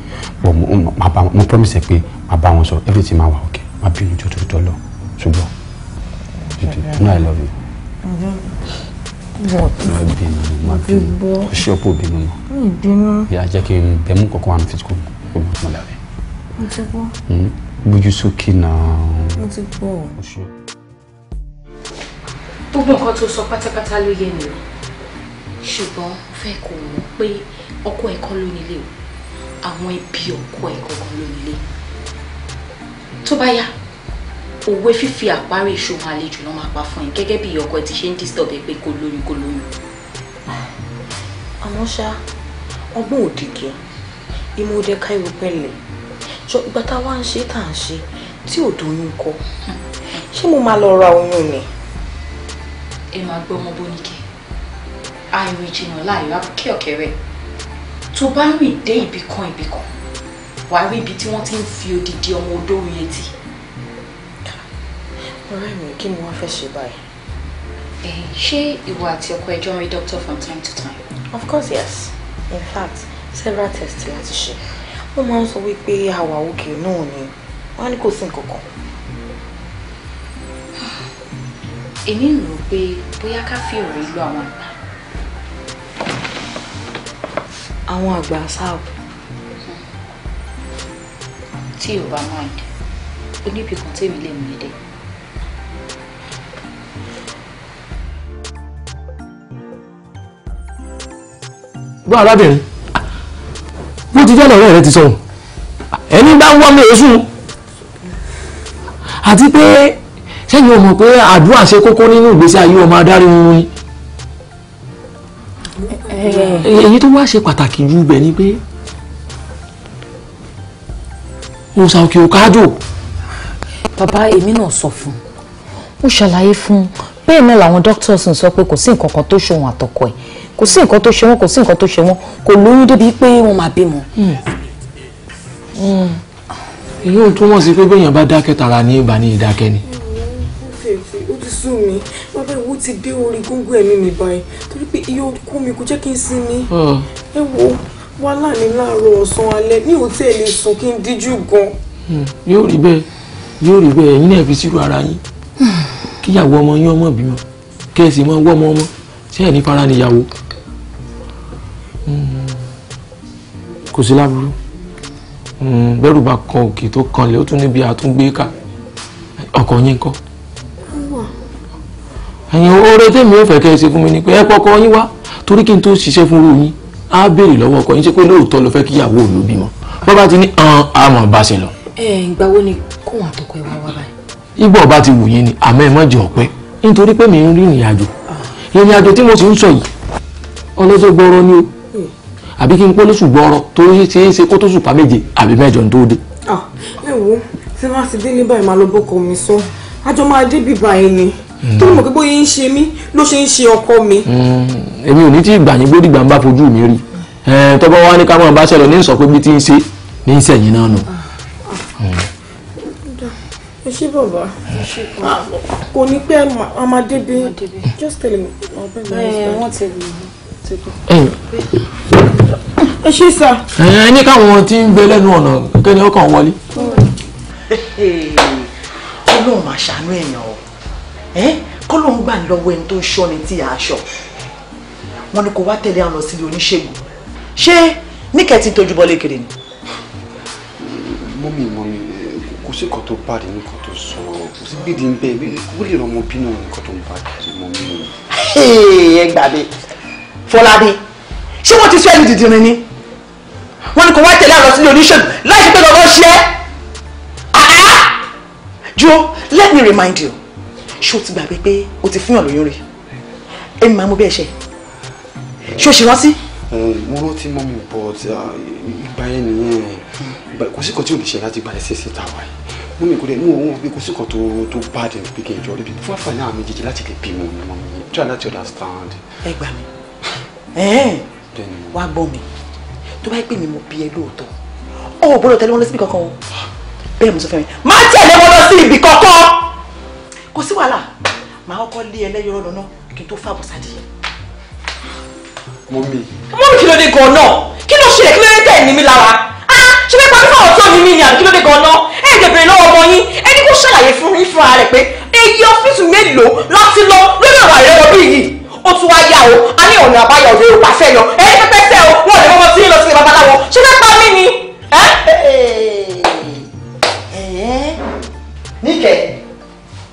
bọ̀ mo promise pé màá bá wọn sọ̀rọ̀ everything máa wà okay máa bí ojú tó tọ́ ṣùgbọ́n I love you má bínú má bínú ó ṣe ọ̀pọ̀ bínú mọ́ yà á jẹ́ kí n bẹ̀ mú kọ̀kọ́ àmì fìtìkù kó má mọ̀ lára ẹ̀ gbójú sókè náà ó ṣe. gbogbo nǹkan tó sọ pátápátá ló yé mi ṣùgbọ́n fẹ́ kò mọ̀ pé ọkọ ẹ̀ kọ́ ló àwọn ẹbí ọkọ ẹ̀ kọ̀ọ̀kan ló nílé tó bá yá òwe fífi àparí ìṣòro àlejò náà máa pa fún yín gẹ́gẹ́ bí ọkọ ẹ ti ṣe ń disturb ẹ pé kò lóyún kò lóyún. àmọ́ ṣá ọgbọ́n òdìgẹ́ ìmọ̀ òde káyọ̀ pẹ̀lẹ́ ṣọ ìgbà tá a wá ń ṣe tá à ń ṣe tí ò dóyún kọ ṣé mo máa lọ ra oyún ni. ẹ máa gbọ́ ọmọ bóníkẹ́ àìrìn ìjìnà láàyò abúkẹ́ ọ̀kẹ́rẹ́ tó bá rìn dé ibìkan ibìkan wàá rí ibi tí wọ́n ti ń fi odidi ọmọ olórí etí ọ̀rẹ́ mi kí ni wọ́n fẹ́ ṣe báyìí. Eh, ṣé ìwọ àti ọkọ ẹjọ́ rí doctor from time to time. of course yes in fact several tests láti ṣe wọ́n máa ń sọ wípé àwa òkè náà ni wọ́n á ní kò sí nǹkan kan. èmi ń rò pé bóyá ká fi òrè lo àwọn àgbà. àwọn àgbà sáàbù. tí ò bá máa dé oníbìkan tèmi lè mú ẹ dé. gbọ́ arábìnrin bó ti jẹ́ lọ́rẹ́ rẹ ti sọ̀rọ̀ ẹni bá ń wọ́n mi èsùn àti pé sẹ́yìn o mọ̀ pé àdúrà ṣe kókó nínú ìgbésí ayé ọmọ adarí wọn ni eh. èyí tó wá ṣe pàtàkì jù bẹ̀ ni pé òòsàn òkè òkájò. bàbá èmi náà sọ fún un mo ṣàlàyé fún un bẹ́ẹ̀ náà làwọn doctors ń sọ pé kò sí nǹkan kan tó ṣòwò àtọkọ ẹ̀ kò sí nǹkan tó ṣe wọn kò sí nǹkan tó ṣe wọn kò lóyún débi pé wọn máa bímọ. Hmm. Hmm. èyí ò túmọ̀ sí pé béèyàn bá dákẹ́ tara ní ìbá ní ìdákẹ́ ni. ó ti sú mi wọn bẹ wo ti dé orí góńgó ẹ̀mí mi báyìí torí pé iye okú mi kò jẹ́ kí n sinmi hmm. ẹ wo wàhálà ní láàárọ̀ ọ̀sán alẹ́ ní òtẹ́ẹ̀lì sùn kí n díjú gan. yóò rí bẹ́ẹ̀ yóò rí bẹ́ẹ̀ ẹ̀yin náà fi sírò ara yín kíyàwó ọmọ yín ọmọ bímọ kẹ́ẹ̀sì mọ́ wọ́mọ́ ọmọ ṣé ẹ̀ ní níyàwó kò sí láburú hmm, bẹ́rù bá kan òkè tó kanlẹ̀ ó tún níbi àtúngbé ká ọkọ yín kọ́ ẹ̀yin oore tèmi ò fẹ́ kẹ́ ẹ ṣe fún mi ni pé ẹ kọ́kọ́ yín wá torí kí n tó ṣiṣẹ́ fún irú yín á béèrè lọ́wọ́ ọkọ yín ṣé pé lóòótọ́ ló fẹ́ kí ìyàwó òun ló bímọ bọ́ bá ti ní han àmọ̀ bá ṣe lọ. ẹ ìgbà wo ni kó wọn àtọkọ ẹ wá wá báyìí. ibo ọba ti wù yín ni àmọ́ ẹ má jẹ ọ̀pẹ nítorí pé mi ń rí ìrìn àjò ìrìn àjò tí mo sì ń sọ yìí ọlọ́jọ́ gbọ́rọ́ ni o àbí kí n pọ́n ní ṣùgbọ́n ọ̀rọ̀ tó ṣe é ṣe kó tó ṣùpá méje àbí mẹ́jọ ní tó dé. ẹ wo tí wọ́n ti dé ní báyìí máa lọ bọ́kọ mi sọ àjọ máa dé bíbá yìí ni hmm. tó mọ̀ pé bóyá ń ṣe mí ló ṣe ń ṣe ọkọ mi. Hmm. èmi ò ní tí ìgbà yín gbódìgbà ń bá fojú mi rí eh, tọ́gbọ́n wa ní ká máa bá ṣẹlẹ̀ ní sọ pé bí ti ń ṣe ní ń náà nù. Hmm. ṣé bàbá kò ní pẹ́ ọmọdébí just tell me. Eh, wọ́n ti rí i ẹ ṣe sà. ẹ ní káwọn tí ń gbé lẹ́nu ọ̀nà kékeré ó kàn wọlé. ọlọ́run máa ṣàánú èèyàn o kọ́lọ́run gbà lọ́wọ́ ẹni tó ń ṣọ́ni tí a aṣọ wọn ni kò wá tẹ̀lé àwọn lọ sílé oníṣègùn ṣé níkẹ́tì tójú bọ́lé kiri ni. mọ́mí mọ́mí kò sí nǹkan tó bá rí nǹkan tó sọ kò sí gbèdé ń bẹ́ẹ̀ wọ́n lè rọmọ bínú nǹkan tó ń bá rí mọ́mí. ẹ gbàgbé Fọládé ṣé wọ́n ti sọ ẹni dìdìrín ni wọ́n ní kò wá tẹ̀lé àlọ́ sílé oníṣègùn láì ṣe pé lọ́wọ́ ṣe é jo let me remind you ṣé o ti gbàgbé pé o ti fúnyàn lóyún rè èmi máa mú bí ẹ ṣe ṣé o ṣe rántí. mo rántí mọ́ mi bọ̀ uh, ìgbà yẹn nìyẹn kò sí kan tí ò lè ṣe láti gba ẹsẹ̀ síta wáyé mo mi kò dé mo wọn pé kò sí kan tó tó bad in pé kí n jọ ọ débi fún àfààní àwọn méjèèjì láti lè bímọ mi mọ mi try not to understand. ẹ gbà mí wá gbọ́ mi tó bá yẹ pé mi mo bí ẹ lóòótọ́ ó ò gbọ́dọ̀ tẹ̀lé wọn lọ síbi kankan o bẹ́ẹ̀ mo sọ fún mi má tẹ̀lé wọn lọ sí ibi kankan kò sí wàhálà màá kọ́kọ́ lé ẹlẹ́yọrọ lọ́nà kí n tó fàbọ̀ sádìyẹ. mọ́mí. mọ́mí kí ló dé gan-an náà kí ló ṣe kí ló dé tẹ̀ ní mi lára ah, ṣe fẹ́ parí fún ọ̀tọ́ mi ni àbí kí ló dé gan-an náà ẹ̀ ẹ̀ dẹ̀bẹ̀rẹ̀ lọ́wọ́ ọmọ yín ẹni kó ṣàlàyé fún yín fúnra rẹ̀ pé èyí ọ́fíìsì mélòó láti lọ lórí ọ̀rọ̀ àrẹ̀wọ̀ bí yìí ó tún wá yá o a ní ọ̀nà àbáyọ òde òpá fẹ́ yan pẹ́pẹ́ sẹ́ o wọn ò lè mọ́mọ́ tí yín lọ babaláwo ṣé fẹ́ pa mí ni. níkẹ́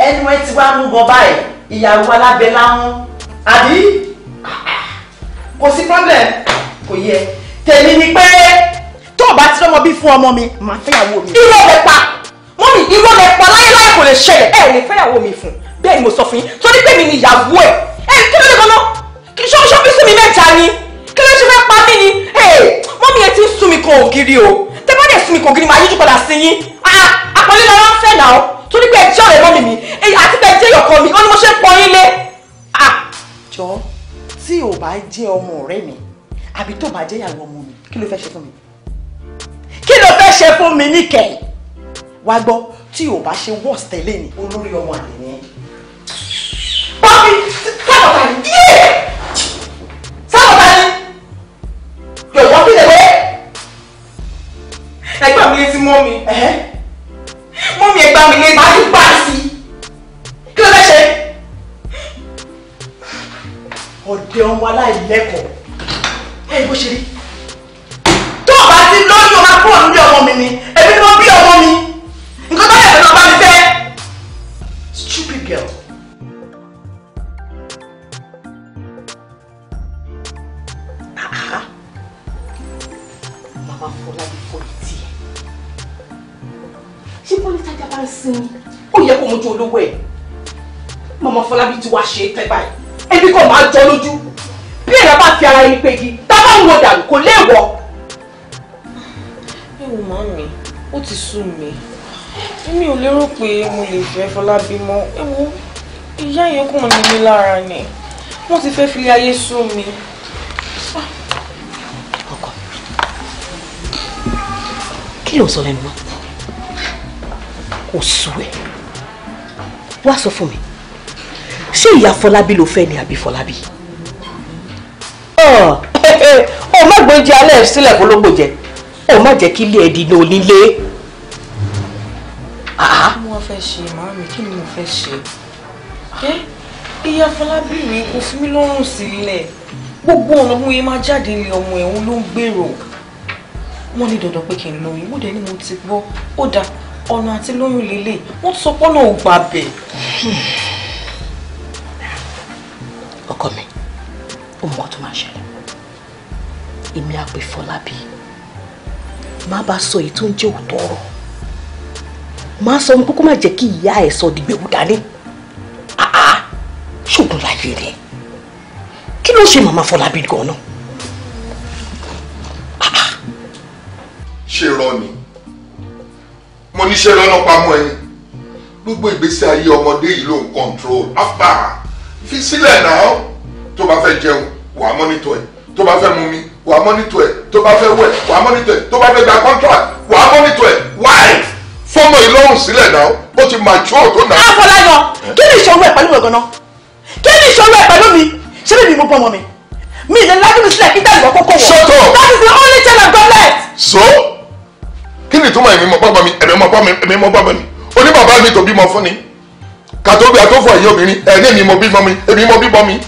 ẹnu ẹ ti wá mú gan báyìí ìyàwó alábẹ́ láwọn àbí kò sí problem kò yẹ tèmi ni pé tó o bá ti lọ́mọ bí fún ọmọ mi màá fẹ́yàwó mi. irọ́ lẹ pa mọ́mí irọ́ lẹ pa láyé láyé kò lè ṣẹlẹ̀ ẹ̀ lè fẹ́yàwó mi fún bẹ́ẹ̀ ni mo sọ fún yín torí pé mi ni ìyàwó ẹ̀ kí ló dé kọ́nà kí ṣọ́ọ́ṣọ́ fi sún mi mẹ́ta ni kí ló ṣe fẹ́ pa mí ni mọ́mí yẹn ti ń sún mi kan ògiri o tẹ́ bá dẹ̀ sún mi kan ògiri máa yíjú padà sí yín ah, àpọ́nlé lọ́wọ́ ń fẹ́ nà ó torí pé ẹjọ́ rẹ̀ mọ́mí mi àti pé ẹjẹ́ ìyọ̀kọ mi ó ní mo ṣe ń pọ́n yín lé. Ah, jọ tí ò bá jẹ́ ọmọ ọ̀rẹ́ mi àbí tó bá jẹ́ ìyàwó ọmọ mi kí ló fẹ́ ṣe fún mi kí ló fẹ́ ṣe fún mi níkẹyìn wá gbọ́ tí ò bá ṣe wọ́ọ̀sì tẹ́lẹ̀ ni olórí ọmọ àlè ni. Bobby, sabotage Yeah! Sabotage You're walking away. Ẹgbẹ́ mi létí mọ́ mi. Mọ́ mi ẹgbẹ́ mi létí. Má yí pa sí. Kí ló fẹ́ ṣe? Ọ̀dẹ̀ ọmọ aláìlẹ́kọ̀ọ́. Ẹ bó ṣe rí. Tó o bá ti lóyún ọmọ kúrò nílé ọmọ mi ni, èmi ni bí ọmọ mi. bá Fọlábí kọ́ ìtì ẹ̀. ṣé bọ́lí tájà bá ń sinmi ó yẹ kó mojú olówó ẹ̀. màmá Fọlábí ti wá ṣe é tẹ́ báyìí ẹbí kan máa jọ lójú bí èèyàn bá fi ara ẹni pegi tá bá ń wo dànù kò léèwọ̀. ewu màá mi ó ti sú mi mi ò lérò pé mo lè fẹ́ Fọlábí mọ́ ewu ìyá yẹn kùn mí lára ni wọ́n ti fẹ́ fi ayé sú mi. kí ló sọ lẹ́nu náà kò sú ẹ wá sọ fún mi ṣé ìyá Fọlábí ló fẹ́ ni àbí Fọlábí ọ má gbóúnjẹ alẹ́ sílẹ̀ kó ló gbòjẹ ọ má jẹ́ kí ilé ẹ̀ dínà onílé. kí wọ́n fẹ́ ṣe màámi kí ni mo fẹ́ ṣe ìyá Fọlábí mi kò fi mí lọ́rùn sílẹ̀ gbogbo ọ̀nà mo yẹ máa jáde ilé ọmọ ẹ̀hún ló ń gbèrò wọ́n ní dandan pé kí n lóyún mo dẹ̀ ni mo ti gbọ́ ó dà ọ̀nà àti lóyún lélẹ̀ wọ́n sọ pọ́nà ò gbà bẹ̀. ọkọ mi ó mọ tó máa ṣẹlẹ̀ èmi àpè Fọlábí má bá sọ èyí tó ń jẹ́ òótọ́ ọ̀rọ̀ má sọ ní kókó má jẹ́ kí ìyá ẹ̀ sọ dìgbèwò dání ah, ah, ṣùgbọ́n láyé rẹ̀ kí ló ṣe màmá Fọlábí gan náà. ṣe rọ ni mo ní ṣe lọ́nà pamọ́ ẹni gbogbo ìgbésí ayé ọmọdé yìí ló ń control after fi sílẹ̀ náà tó bá fẹ́ jẹun wàá mọ́nítọ̀ ẹ̀ tó bá fẹ́ mumi wàá mọ́nítọ̀ ẹ̀ tó bá fẹ́ wẹ̀ wàá mọ́nítọ̀ ẹ̀ tó bá fẹ́ gba contract wàá mọ́nítọ̀ ẹ̀ why fọmọ ìlọrun sílẹ̀ náà ó ti mature tó náà. afọláyọ kí ni ìṣòro ẹ pẹ̀lú ẹ̀gànná kí ni ìṣòro ẹ pẹ̀lú mi ṣé bèbí mo gbọ́ ọmọ mi mi ìlẹ̀ lágbèmí sílẹ̀ kí dáàbò kókó wọ̀. shut up that is the only thing i got left. so kí ni ìtumọ̀ èmi mọ bàbá mi èmi mọ bàbá mi èmi mọ bàbá mi oní bàbá mi tó bímọ fún ni kàtó bí atófò ẹ̀yẹ obìnrin ẹ̀ní èmi mọ bímọ mi èmi mọ bíbọ mi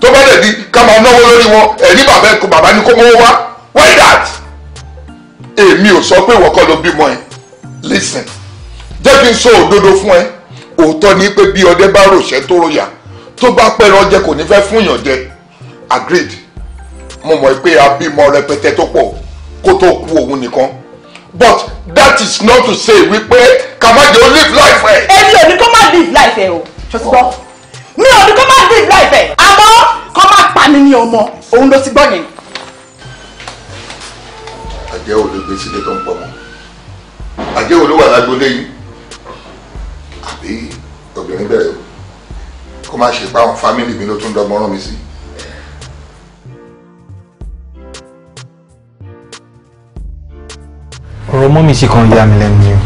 tó bá dẹ̀ di ká máa náwó lórí wọn ẹ̀ní bàbá ẹ̀kọ́ bàbá ni kó mọ́ wá why that èmi ò sọ pé ìwọ kọ́ ló bímọ ẹ listen jẹ́ kí n sọ òdodo fún ẹ òótọ́ ni pé bí ọdẹ bá ròṣẹ́ tó ròyà tó bá pẹ́ran jẹ kò ní fẹ́ fún yàn jẹ agreed mo mọ̀ pé abímọ rẹpẹtẹ tó pọ̀ kó tó kú òun nìkan but that is not to say wípé kàmájẹ ó live life ẹ. èmi ò ní kó má live life ẹ o ṣùgbọ́n mi ò ní kó má live life ẹ àmọ́ kó má pa mí ní ọmọ òun ló ti gbọ́ yẹn. àjẹ́ wo ló gbé sílé tó ń pọ̀ mọ́ àjẹ́ wo ló wà lágbolé yìí àbí obìnrin bẹ̀rẹ̀ kó má ṣe pa àwọn fámìlì mi ló tún dọ́gbọ́n rán mi sí i. ọ̀rọ̀ mọ́mí sì kan yà mí lẹ́nu ni o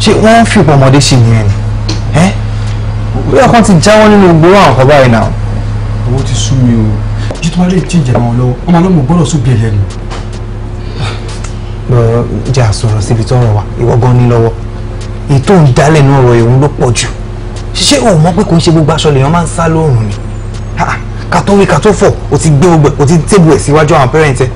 ṣé wọ́n ń fi ọmọdé sí ni ẹ̀ ni ẹ́ bóyá kan ti jáwọ́ nínú gbogbo àwọn ọ̀kọ́ báyìí náà. owó ti sú mi o jù tó wá lè tí ìjẹ̀mọ̀ wọn lọ́wọ́ ọmọ ọlọ́mọ gbọ́dọ̀ sún bí ẹlẹ́nu. lọ́rọ̀ jà sọ̀rọ̀ síbi tó rọ̀ wá ìwọ gan ní lọ́wọ́ èyí ń dálẹ̀ ní ọ̀rọ̀ ìhun ló pọ̀ jù ṣé o mọ̀ pé kò ń ṣe gbogbo aṣọ lèèyàn máa ń sá lóòrùn ni ká wí ká fọ̀ o ti gbé gbogbo o ti tébù ẹ̀ síwájú àwọn pẹ́rẹ́ǹtẹ́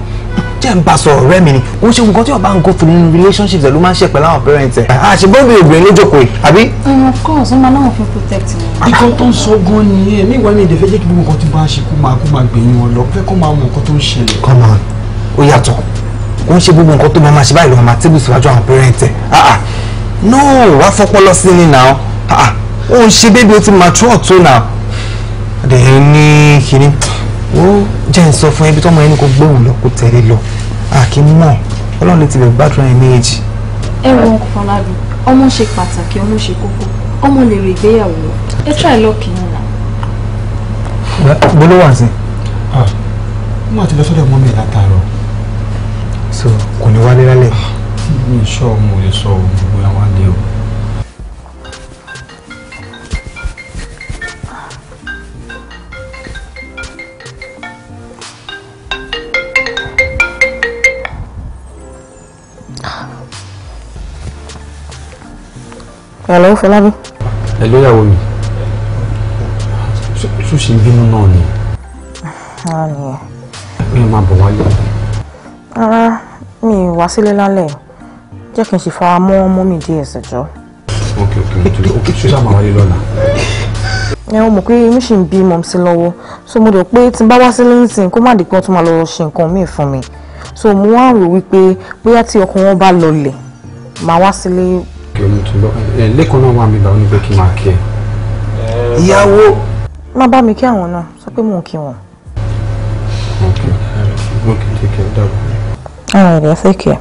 jẹ́ ń bá sọ ọ̀rẹ́ mi ni kò ṣe nǹkan tí ọba ń go nínú relationships ẹ̀ ló máa ń ṣe pẹ̀lú àwọn parents ẹ̀ àṣebọ́ bí obìnrin ló jókòó yìí àbí. Um, of course wọn máa náà fi protect mi. ikọ̀ tó ń sọ gan ni èmi ìwà mi ìdè fẹ́ jẹ́ kí gbogbo nǹkan tí bá a ṣe kó máa kó máa gbẹ̀yìn wọn lọ fẹ́ kó máa mọ nǹkan tó ń ṣẹlẹ̀. come on ó yàtọ̀ kò ń ṣe gbogbo nǹkan tó máa ṣe báyìí lọ́wọ́ máa tébù síwájú àwọn parents ẹ̀ ah, ah. no wàá fọpọlọ sí ni now ah, ó ń ṣe bébí ó ti mature tó now. àdéhùn ní kinní ó jẹ́ ń sọ fún ibi tọ́mọ ẹni kò gbóhùn lọ kò tẹ̀lé lọ àkì mọ̀ ọlọ́run lè tilẹ̀ gbàdúrà ẹ̀ méjì. ẹ wo ọkọ fọlábí ọmọ ṣe pàtàkì ọmọ ṣe kókó ọmọ lè rè ìgbéyàwó ẹ tíráì lọ́ọ̀kì yín là. gbólóhùn àti. mo àti lọ sọ́dọ̀ mọ́mí látàárọ̀. so kò ní wálé lálẹ́. mi ò sọ ọmọ ò lè sọ òun gbogbo àwọn àlè o. Hello, Fọlábí. Hello, ìyàwó mi. Ṣó ṣe bínú náà ni? Ara nìyẹn. Mi ò máa bọ̀ wálé. Rárá, mi ì wá sílé lálẹ́. Jẹ́ kí n ṣe fara mọ́ mọ́mì díẹ̀ ṣẹ̀jọ́. Ok, ok, nítorí ok, ṣó ṣáà máa wálé lọ́la. Ẹ o mọ̀ pé mi ṣì ń bí mọ̀mísí lọ́wọ́. So mo rò pé tí n bá wá sílé nísìnyí kó má di pé wọ́n tún máa lọ ṣe nǹkan míì mi. So mo wá rò wípé bóyá tí ọkàn wọn bá lọlẹ̀, màá wá sílé kí omi tó lọ ẹ lẹ́kọ̀ọ́ náà wà mí bá oníbẹ̀ kí máa kí ẹ. ìyàwó. má bá mi kí àwọn náà sọ pé mò ń kí wọn. ok ok take care dábàá. all right take care.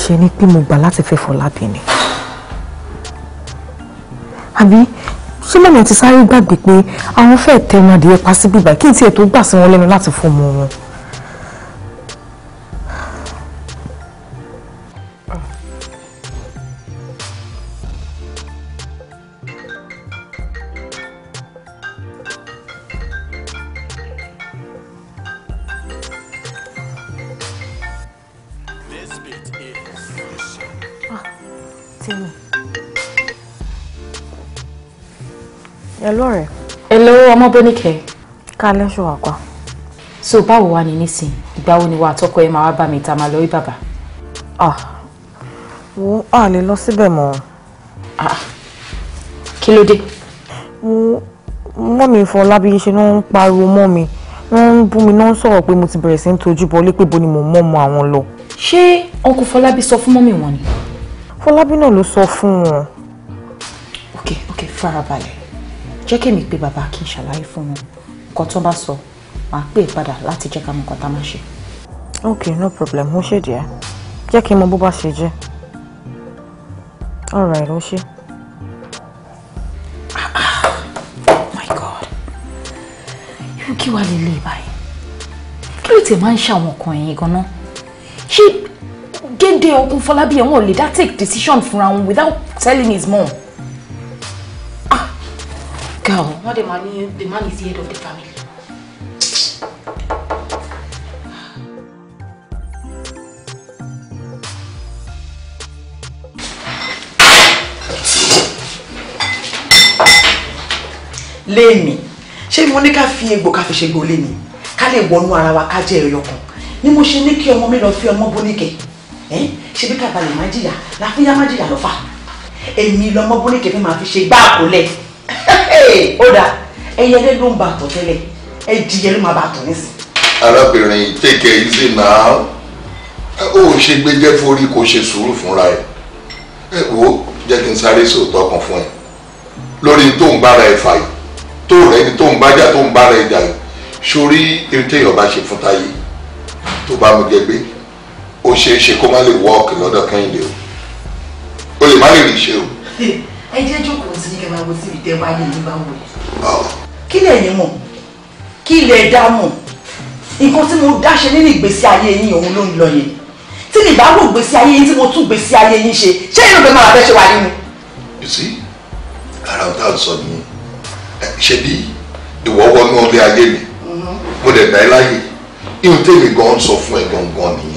ṣe ni pé mo gbà láti fẹ́ Fọlábí ni àbí ṣé mọ̀mí ti sáré gbàgbé pé àwọn fẹ́ẹ́ tẹnu adìyẹ pa síbí báyìí kí n tiẹ̀ tó gbà sí wọn lẹ́nu láti fún ọmọ wọn. Tèmi. Hello ọ̀rẹ́. Hello ọmọ Bóníkẹ́. Kálẹ́ ṣọ̀wá pa. So báwo wà ní nísìn? Ìgbà wo ni wà àtọ́kọ ẹ máa wá bá mi ta máa lọ Ah wo a lè lọ síbẹ̀ mọ́. Ah. Kí ló dé? Mo mọ́mí Fọlábí ṣe ló ń pariwo mọ́ mi wọ́n ń bú mi náà ń sọ̀rọ̀ pé mo ti bẹ̀rẹ̀ sí ń tojú bọlé pé bo ni mò ń mọ́ ọmọ àwọn lọ. Ṣé ọkùn Fọlábí sọ fún mọ́mí wọn ni? Fọlábí náà ló sọ fún wọn. ok ok farabalẹ̀ jẹ́ kémi pé bàbá kí n ṣàlàyé fún wọn nǹkan tó bá sọ màá pè é padà láti jẹ́ ká mọ nǹkan tá a máa ṣe. ok no problem mo ṣe díẹ̀ jẹ́ kí n mọ bó bá ṣe jẹ́ all right ó ṣe. Ah, my god irú kí wàá lè lè báyìí kí ló ti máa ń ṣàwọn ọkàn yìí gan ṣé gédé ọkùn Fọlábí ẹ̀ wọ́n lè dá take decision for wọn without telling his mom. ah girl. wọ́n the man, the man is the head of the family. Lemi, ṣé mo ní ká fi egbò ká fi ṣe gbò léèmí wa ká jẹ ni mo ṣe ní kí ọmọ mi lọ fi ọmọ bóníkẹ ṣe bí kábàlì má jìyà láfíyá má jìyà lọ́fà èmi lọmọ bóníkẹ́ fẹ́ máa fi ṣe gbáàkó lẹ̀ ó dà ẹyẹ ẹdẹ ló ń ba àtọ̀ tẹ́lẹ̀ ẹ jìyẹ ló máa ba àtọ̀ nísìn. arábìnrin take it easy now ó ṣe gbẹjẹ forí kó ṣe sùúrù fúnra ẹ ẹ wo jẹ́ kí n sáré sòótọ́ kan fún ẹ lórí tó ń bára ẹ fà yìí tó rẹ ni tó ń bájà tó ń bára ẹ jà yìí sórí irun téèyàn bá ṣe fún táyé tó bá mú jẹ O ó ṣeé ṣe kó má lè wọ́ọ̀kì lọ́dọ̀ kẹ́hìndé o ó lè má lè rí iṣẹ́ o. ẹ jẹ́ jókòó sí kẹ́ máa wo sí ìtẹ́ wa ní ìlú bá wò ó. kí lẹ̀ ní mọ̀ kí lẹ̀ dá mọ̀ nǹkan tí mo dá ṣe nínú ìgbésí ayé yín òun ló ń lọ yẹn tí mi bá wò ìgbésí ayé yín tí mo tún ìgbésí ayé yín ṣe ṣé inú mi máa fẹ́ ṣe wà nínú. you see ara ọ̀tá sọ ni ṣe bí ìwọ wọnú ọlẹ́ ayé mi mm-hmm. mo dẹ̀ dá ẹ láyè ihun tèmi gan sọ fún ẹ gangan nìyẹn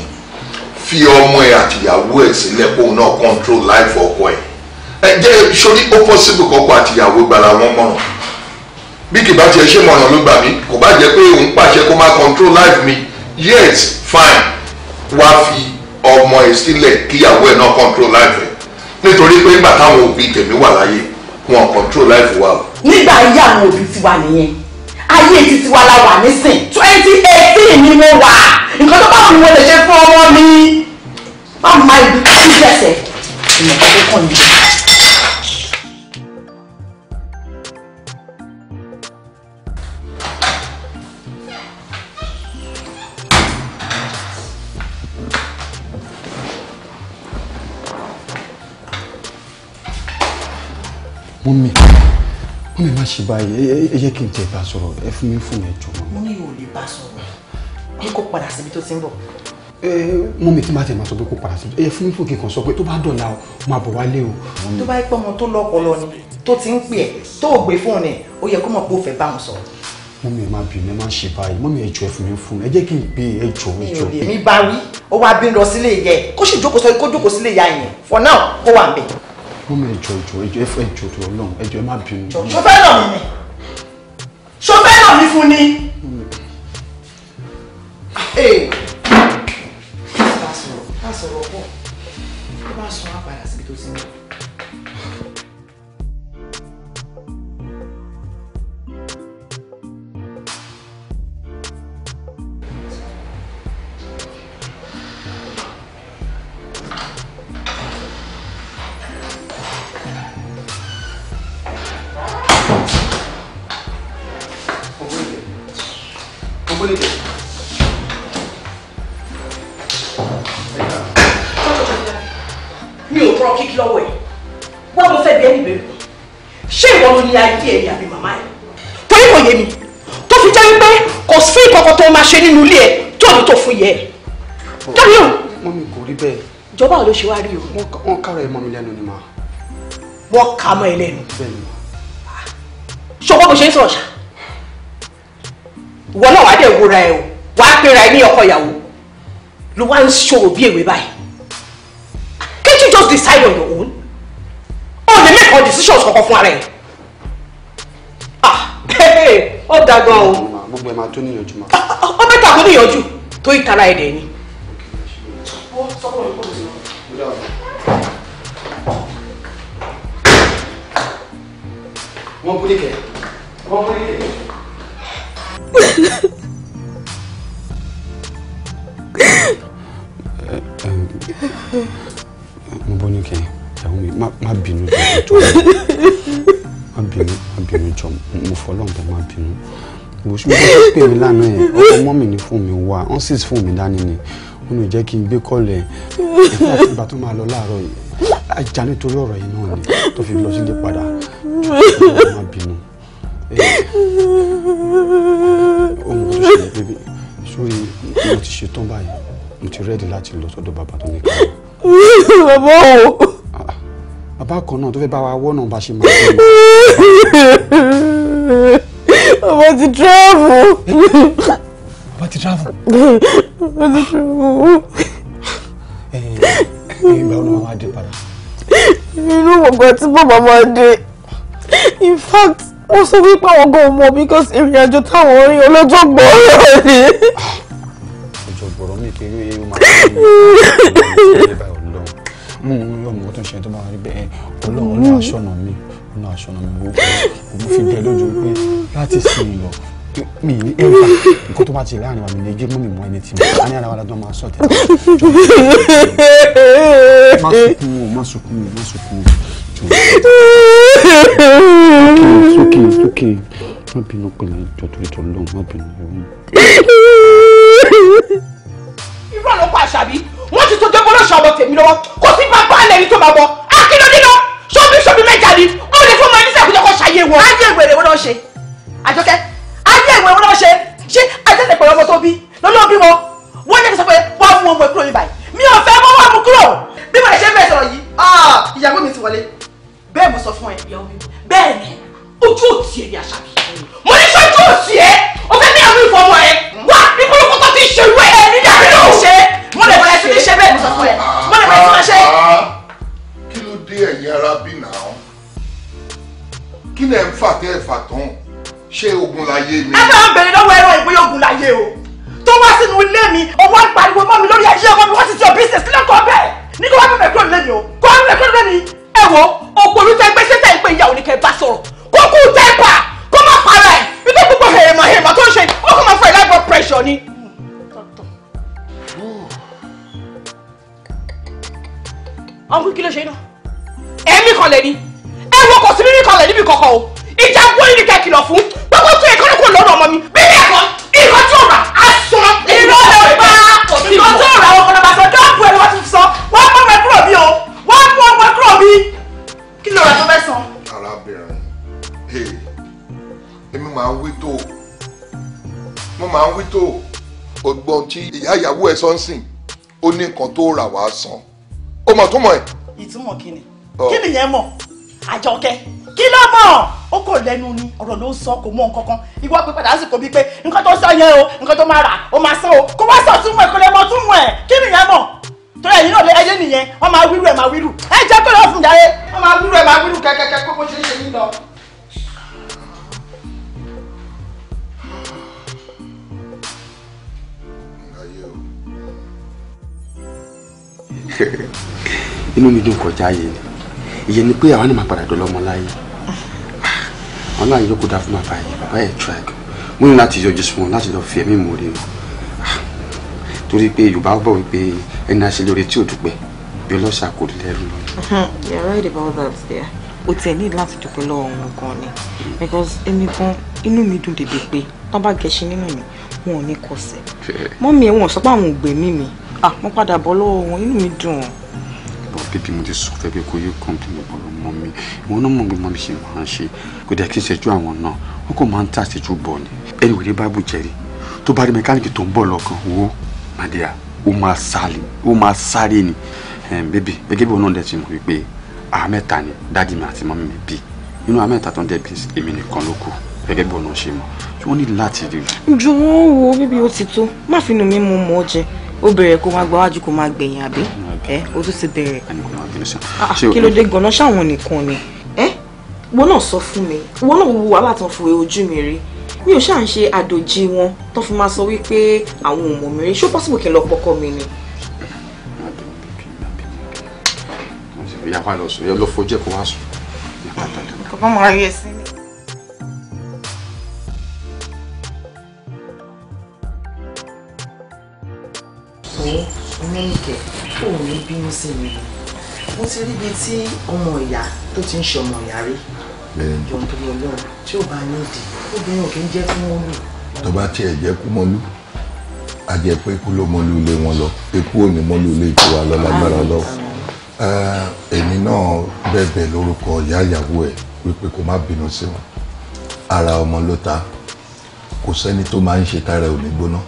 fi ọmọ ẹ àtìyàwó ẹ sílẹ̀ kóun náà control life ọkọ ẹ ẹ jẹ́ sórí ó possible kọ́kọ́ àtìyàwó gbara wọn mọ̀ràn bí kì bá tiẹ̀ ṣe mọ̀ràn ló gbà mí kò bá jẹ́ pé òun pàṣẹ kó má control life mi yes fine wá fi ọmọ ẹ sílẹ̀ kíyàwó ẹ náà control life ẹ nítorí pé nígbà táwọn òbí tèmi wà láyé wọn control life wa o. nígbà ayé àwọn òbí tiwa nìyẹn ayé titiwa la wà nísìn twenty eighteen ni mo wà nǹkan tó bá mi wọlé ṣe fún ọmọ mi má má ibi tí bẹ̀sẹ̀ ìmọ̀ tó kàn ní. mọ́mí mọ́mí má ṣe báyìí ẹ jẹ́ kí n tẹ̀ bá sọ̀rọ̀ ẹ fún mi fún mi jọ̀wọ́. mo ní o lè bá sọ̀rọ̀ pé kó padà síbi tó ti ń bọ̀. ẹ mú mi tí má tẹ̀ máa sọ pé kó padà síbi ẹ fún fún kíkan sọ pé tó bá dọ̀la o máa bọ̀ wálé o. tó bá yẹ pé ọmọ tó lọ́pọlọ ni tó ti ń pè ẹ́ tó ò gbé fóònù ẹ̀ ó yẹ kó mọ̀ pé ó fẹ́ bá wọn sọ̀rọ̀ mọ́mí ẹ má bínú ẹ má ṣe báyìí mọ́mí ẹ jọ̀ọ́ ẹ fún mi fún mi ẹ jẹ́ kí n gbé ẹ jọ̀ọ́ ẹ jọ̀ọ́. èmi bá wí ó wá bí lọ sílé ìyá kó sì for now kó wà ńbẹ̀. mọ́mí ẹ jọ̀ọ́ ẹ jọ̀ọ́ ẹ jọ̀ọ́ ẹ jọ̀ọ́ Ọlọ́run ẹ jọ̀ọ́ ẹ má bínú. ṣọfẹ́ náà mi ni ṣọfẹ́ ee bá sọ̀rọ̀ bá sọ̀rọ̀ pọ̀ bá sọ̀rọ̀ apàdà síbi tó ti ń ló ṣe wá rí o. wọ́n kárọ̀ ẹ̀ mọ́ mi lẹ́nu ni mà. wọ́n kà mọ́ ẹ lẹ́nu. ṣọwọ́ bó ṣe ń sọ̀rọ̀ ṣá. ìwọ náà wàá dẹ̀ wúra ẹ o wàá pera ẹ ní ọkọ ìyàwó ló wá ń ṣòro bí èwe báyìí. can't you just decide on your own? o lè make all decisions kankan fún ara ẹ. Ah, ó da gan o. gbogbo ẹ̀ máa tó níyànjú ma. ó bẹ́ẹ̀ tàkó níyànjú tó ìtara ẹ̀dẹ̀ ni. 我走过来，过来。wọ́n kú níkẹ́ wọ́n kú níkẹ́. mo bọ́ níkẹ́ ìyàwó mi má bínú jọ má bínú má bínú jọ mo fọlọ́ nǹkan má bínú bó ṣe pè mí lánàá yẹn ọkọ mọ́mì ní fún mi wá ọ́n sì fún mi dání ni wọn ò jẹ́ kí n gbé kọ́ọ̀lù ẹ̀ ìgbà tó máa lọ láàárọ̀ yìí ajá nítorí ọ̀rọ̀ yìí náà ni tó fi lọ sílé padà má bínú eh, ohun tó ṣẹlẹ̀ bébí sórí mo ti ṣetán báyìí mo ti rẹ́ẹ̀dì láti lọ sọ́dọ̀ bàbá tó ní ká. bàbá o. Ah, ah. bàbá kan náà tó fẹ́ bá wa wọ́nà bá ṣe máa ń bọ̀. ọmọ ti travel. Eh, ti travel. Hey, hey, travel. ìgbà wo ni màmá dé padà. inú gbogbo tí bàbá máa dé in fact ó sọ wípé àwọn gan mọ because ìrìn àjò táwọn rí ọlọ́jọ́ gbọ́rọ̀ ni. ọjọ́ gbọ́rọ̀ mi kiri ẹ o máa ń bí ọmọ ọmọ tó ń ṣe tó bá wà rí bẹ́ẹ̀ ọlọ́run ọlọ́run aṣọ́nà mi ọlọ́run aṣọ́nà mi gbogbo òun fi bẹ́ẹ̀ lójú pé láti sin ìlọ mi ní ẹ fà nǹkan tó bá ti láàrin wa mi lè gé mú mi mọ ẹni tí mo bá ní ara wa lájọ máa sọ tẹ. má sunkún o má sunkún o má sunkún o jọ. sókè sókè má bínú pẹ̀lú ìjọ tó ìjọ lọ́hùn má bínú ẹ̀rọ. irú àlọ́ pa àṣàbí wọ́n ti tó dé bọ́lọ́ṣà ọmọ tèmi lọ́wọ́ kò sí bàbá àlẹ́ ní tó máa bọ̀ akínọ́dé lọ ṣọ́bí ṣọ́bí mẹ́ta ni ó lè fún ọmọ ẹni sẹ́kùn tó kọ́ ṣàyẹ̀wò. á jẹ́ ìwé rẹ̀ wọ́n lọ ṣe àjọkẹ́ ìwé wọn lọ́wọ́ ṣe ṣé àìsàn pẹ̀lú ọmọ tó bí lọ́lọ́ bí wọn wọ́n jẹ́ kí sọ pé wá mú ọmọ kúrò yín báyìí mi ò fẹ́ mọ́ wá mú kúrò bí mo lè ṣe bẹ́ẹ̀ sọ̀rọ̀ yìí ah, ìyàwó mi ti wọlé bẹ́ẹ̀ mo sọ fún ẹ ìyàwó mi bẹ́ẹ̀ ni ojú òtí ẹ ni àṣà mi mo ní sọ́jú òtí ẹ o fẹ́ ní àwọn ìfọwọ́ ẹ wá ìpolówó tó ti ṣerú ẹ ní dàbí ló ń ṣe mo lè bẹ̀rẹ̀ sí ní ṣe bẹ́ẹ̀ mo sọ fún ẹ mo lè bẹ̀rẹ̀ sí ní ṣe. kí ló dé ẹ̀yin arábìnrin náà kí lẹ ń fà tẹ́ ẹ fà tán ṣé ogun láyé ni. ẹ máa ń bèrè lọ́wọ́ ẹ̀rọ ìwé ogun láyé o tó wá sínú ilé mi ọwọ́ ìpariwo mọ́ mi lórí ayé ọmọ mi wọ́n ti ti ọ̀bí ìṣẹ̀sí lẹ́kọ̀ọ́ bẹ́ẹ̀ ní kí wọ́n bẹ̀rẹ̀ kúrò nílé mi o kó wọ́n bẹ̀rẹ̀ kúrò nílé mi. ẹ wo òkú olùtẹ gbé ṣẹ́tẹ̀ ìpè ìyàwó ni kẹ́ bá sọ̀rọ̀ kó kú tẹ́ pa kó má para ẹ̀ nígbà gbogbo hèèmọ̀ hèèmọ̀ tó ń ṣe ó kò máa fọ ìlàgbọ̀ pressure ni. ọmọ kí ló ṣe iná ẹ̀mí kan lẹ̀ ni ẹ wo kò sí mímí kan lẹ̀ níbi kọ̀ọ̀kan o ìjà gbóyè ni kẹ́ kìlọ̀ fún kò lọ́dọ̀ ọmọ mi bí ẹ̀kọ́ ìkan tó rà á sọ ìrọ̀ ló pa ìkan tó rà ọkọ̀ náà bá sọ dọ́ọ̀bù ẹ̀rọ wọ́n ti sọ wọ́n mú ọmọ kúrò mi o wọ́n mú ọmọ kúrò mi kí ló rà tó fẹ́ san. arábìnrin èmi máa ń wí tó mo máa ń wí tó ọgbọ́n tí ìyá ìyàwó ẹ̀ sọ́nsìn ó ní nǹkan tó rà wá san ó mọ̀ tó mọ̀ ẹ̀. ìtumọ̀ kí ni oh. kí nìyẹn mọ̀ àjọkẹ́ kí ló mọ̀ ó kò lẹ́nu ni ọ̀rọ̀ ló ń sọ kò mọ nǹkan kan ìwọ pé padà sì kò bí pé nǹkan tó sọ yẹn o nǹkan tó máa rà ó máa sọ o kó wá sọ túmọ̀ ìpínlẹ̀ mọ́ túmọ̀ ẹ̀ kí nìyẹn mọ̀ torí ẹ̀yin náà lé ẹyẹ nìyẹn wọ́n máa wíru ẹ̀ máa wíru ẹ jẹ́ pé lọ́ọ́ fún jàre wọ́n máa wíru ẹ̀ máa wíru kẹ́kẹ́kẹ́ kó bó ṣe ń ṣe yín lọ. inú mi dùn kọjá yìí ni ìyẹn ni pé àwọn ni màá padà dọ́lọ́mọ láyé wọn náà yókù dá fún bàbá yìí bàbá yìí tíráì gan mo ní láti yọjú sí wọn láti lọ fi ẹ̀mí ìmoore o ah, torí pé yorùbá bọ̀ wípé ẹni àṣẹ lóore tí ò dúpẹ́ bí ọlọ́sà kò rí lẹ́rù lọ. Hmm, you are right about that there o tiẹ̀ ní láti dúpẹ́ lọ́wọ́ òun gan ni because èmi gan inú mi dùn dèdè pé tán bá gẹṣin nínú mi wọn ò ní kọsẹ̀ mọ́mí ẹ̀ wọ́n sọ pé àwọn ògbè mímì ah mo padà bọ́ lọ́wọ́ wọn inú mi dùn but bíbí mo ti sọ fẹ́ pé kò yẹ kọ́ńpìnì ọ̀rọ̀ mọ́ mi ìwọ náà mọ̀ pé mọ́ mi ṣe máa ń ṣe kò dẹ̀ kí n ṣẹ́jú àwọn náà wọn kò máa ń tàṣẹ́jú bọ̀ ni ẹni wòlé báàbù jẹ́rí tó bá rí mẹkáníìkì tó ń bọ̀ lọ́kàn wo màdìyà ó máa sáré ó máa sáré ni bébì gẹ́gẹ́ bí wọn náà dẹ̀ ti mọ̀ wípé àmẹ́ta ni dáàdì mi àti mọ́mí mi bí nínú àmẹ́ta tó ń dẹ̀ bí èmi nìkan ló kù gẹ́gẹ́ bí wọn náà ṣe mọ̀ wọ́n ní láti rí i. jọ̀wọ́ wo bíbí ó ti tó má fi nù mí mu mọ́ jẹ ó bẹ̀rẹ̀ kó máa gba wájú kó máa gbẹ̀yìn àbí ẹ ó tún ti bẹ̀rẹ̀. Ah, kí ló dé gan-an ṣáwọn nìkan ni ẹ wọn náà sọ fún mi wọn náà wo wàhálà tán fòwe ojú mi rí mi ò ṣáà ń ṣe àdòjì wọn tó fi máa sọ wípé àwọn ò mi rí ṣó pọ́sibù kí n lọ pọkọ mi ni. ìyá wa lọ sùn yẹ lọ fojú ẹ kó wá sùn. bàbá máa yẹ sí mi. pé mẹ́ǹkẹ̀ kò ní bínú sí mi mo ti ríbi tí ọmọ ìyá tó ti ń ṣe ọmọ ìyá rí jọ̀ǹ tó lọ lọ́rùn tí ò bá ní ìdí obìnrin ò kí ń jẹ́ kí wọ́n lù. tó bá tiẹ̀ jẹ́ kú mọ́lú a jẹ́ pé kú ló mọ́lú ilé wọn lọ ikú ò ní mọ́lú ilé tiwa lọ lágbára lọ. èmi náà bẹ̀bẹ̀ lórúkọ ìyá ìyàwó ẹ̀ wípé kó má bínú sí wọn ara ọmọ ló ta kò sẹ́ni tó máa ń ṣe tára ò ní gbóná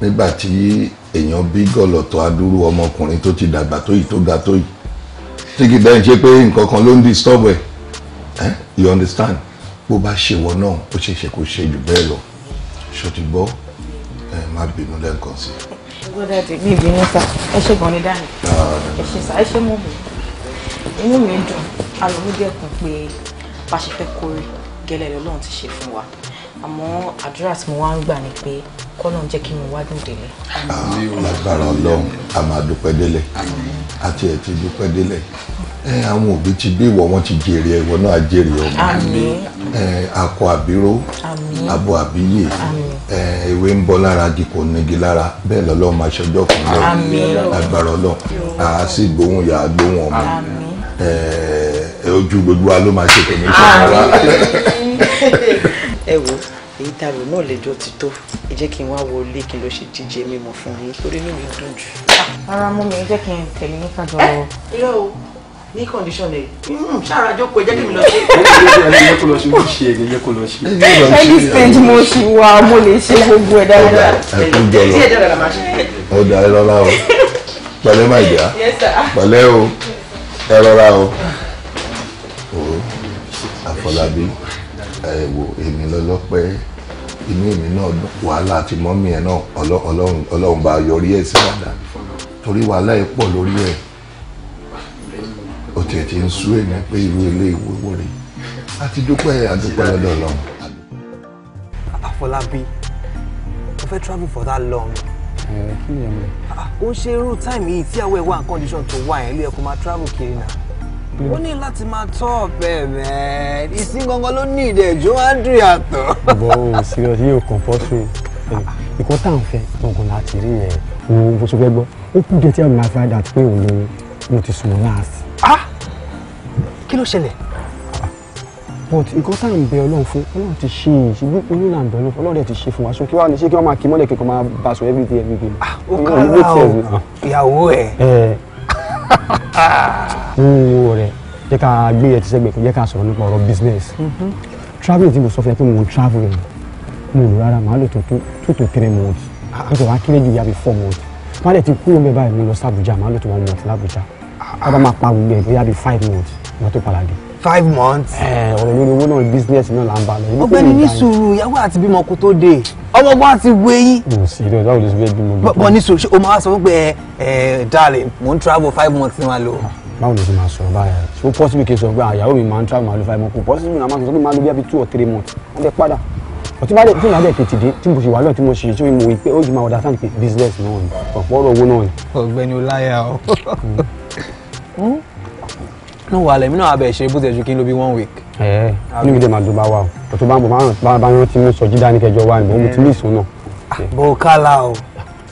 nígbà tí èèyàn bí gọ̀lọ̀tọ̀ adúrú ọmọkùnrin tó ti dàgbà tó yìí tó ga tó yìí tí kì bẹ́ẹ̀ ṣe pé nǹkan kan ló ń disturb ẹ̀ you understand bó bá ṣe wọ náà ó ṣe ṣe kó ṣe jù bẹ́ẹ̀ lọ ṣòtì gbọ́ ẹ má bínú lẹ́ǹkan sí i. gbọ́dọ̀ ti bí ìbínú sá ẹ ṣe gan ni dání ẹ ṣe sá ẹ ṣe mú mi inú mi dùn ayọ̀ mi dẹ́kun pé bá ṣe fẹ́ kórè gẹ́lẹ́ lọ́lọ́run ti ṣe fún wa àmọ́ àdúrà tí mo wá ń gbà ni pé kọ́lọ́n jẹ́ kí n wájú délé. lágbára ọlọ́run a máa dúpẹ́ délẹ̀ àti ẹ̀ ti dúpẹ́ délẹ̀ àwọn òbí ti bí ìwọ wọn ti jèrè ìwọ náà jèrè ọmọ akọ àbíró abo àbíyè ewé ń bọ́ lára di nígi lára bẹ́ẹ̀ lọ́lọ́run máa ṣọjọ́ kan lọ lágbára ọlọ́run a sì gbóhùn yà á gbóhùn ọmọ ojú gbogbo wa ló máa ṣètò ní ìṣòro wa. ẹ wo èyí tá a rò náà lẹ́jọ́ ti tó ẹ jẹ́ kí n wá wọlé kí n lọ ṣe jíjẹ mímu fún yín torí inú mi dùn jù. ara mú mi jẹ́ kí n tẹ̀lé ní kájọ lọ. irọ́ o ní kọ́ndíṣọ̀n ẹ̀ ṣáàrà jókòó ẹ jẹ́ kí mi lọ ṣe. ẹni yẹ kó lọ ṣe ó ṣe ẹni yẹ kó lọ ṣe. ẹni stage mo ṣì wà mo lè ṣe gbogbo ẹ̀ dáadáa. ẹ jẹ lọ ó dà ẹ lọ́la o pẹ̀lẹ́ máa jà pẹ̀lẹ́ o ẹ lọ́la o àfọlábí ẹ wò èmi lọ́lọ́pẹ́ inú mi náà wàhálà àti mọ́mí ẹ̀ náà ọlọ́run bá yọrí ẹ̀ sí dáadáa torí wàhálà ẹ̀ pọ̀ lórí ẹ̀ ó tiẹ̀ ti ń sú ẹ̀ ní pé irú ilé ìwé wò rè dúpẹ́ àdúpẹ́ lọ́dọ̀ ọlọ́run. Àfọlábí mo fẹ́ travel for that long. ó ń ṣe irú táìmù yìí tí àwọn ẹ̀wà condition tó wà ẹ̀ lé ẹ̀kọ́ máa travel kiri náà pé. ó ní láti máa tọ́ ọ̀pẹ rẹ̀ ìsín gangan ló ní ìdẹ̀jọ́ andrew yàtọ̀. bọ́ o serious yóò kàn fọ́ sí o ìkọ́ tá à ń fẹ́ gbọ̀ngàn láti rí yẹn òun bó ṣe fẹ́ gbọ́ ó kú jẹ́ tí àmì máa fẹ́ dàtí pé òun lóyún mo ti sùn láàs. Ah! kí ló ṣẹlẹ̀. but ìkọ́ tá à ń bẹ ọlọ́run fún ọlọ́run ti ṣe é ṣe bí oyún là ń bẹ ọlọ́run fún ọlọ́run ti ṣe fún wa ṣé kí wàá ní ṣé kí wọ́n máa kí mọ́lẹ̀ kíkan máa bá sọ everyday everyday. Ah, ó kàrà o ìyàwó ẹ̀ wo rẹ̀ jẹ́ ká gbé ẹ ti sẹ́gbẹ̀ẹ́ kò jẹ́ ká sọ̀rọ̀ nípa ọ̀rọ̀ business traveling tí mo sọ fún ẹ pé mo ń traveling. mi ò rárá màá lò tó two to three months àtọ̀ wá kéré jù yàbí four months má dẹ̀ ti kúrò ń bẹ báyìí mo lọ sí Àbújá màá lò tó one month l'Àbújá bàbá máa gbogbo ẹ̀ bóyá bí five months ìgbà tó padà dé five months. ẹ ọ̀rọ̀ lórí owó náà business náà là ń bá lọ. ọ̀gbẹ́ni ní sùúrù ìyàwó àti bímọ kò tó dé ọmọ gbọ́n àti wéyí. mo sì rí ọjọ́ olùsọ bẹ́ẹ̀ bímọ. bọ́ ní sùúrù ṣé o máa sọ pé ẹ eh, eh, darling mo ń travel five months ní wa lò. Ah, báwo ló ti máa sọ báyà ṣé ó possible kí n sọ pé àyàwó ah, mi máa ń travel máa lo five months kò possible náà máa sọ pé máa lo bí i two or three months wọ́n dẹ̀ padà ọtí bá dẹ̀ tí màá dẹ̀ tètè dé tí mo ṣe wàhálà tí mo ṣe tí mo wí pé ó jù máa ọ̀dà sáà pé business náà ni ọ̀pọ̀ ọ̀rọ̀ owó náà ni. ọ̀gbẹ́ni ọláyà o. Hmm. Hmm? náà wà lẹ́mí náà abẹ́ ṣe bó tẹ̀ ju kí n lo bí one week. ẹ ẹ níbi dé màá dùn bá wà o tó bá ń bọ̀ bá bá rántí mú sọ jídá ní kẹjọ wa nìbọn mo ti ní eh. ìsún náà. Ah, bó kálá o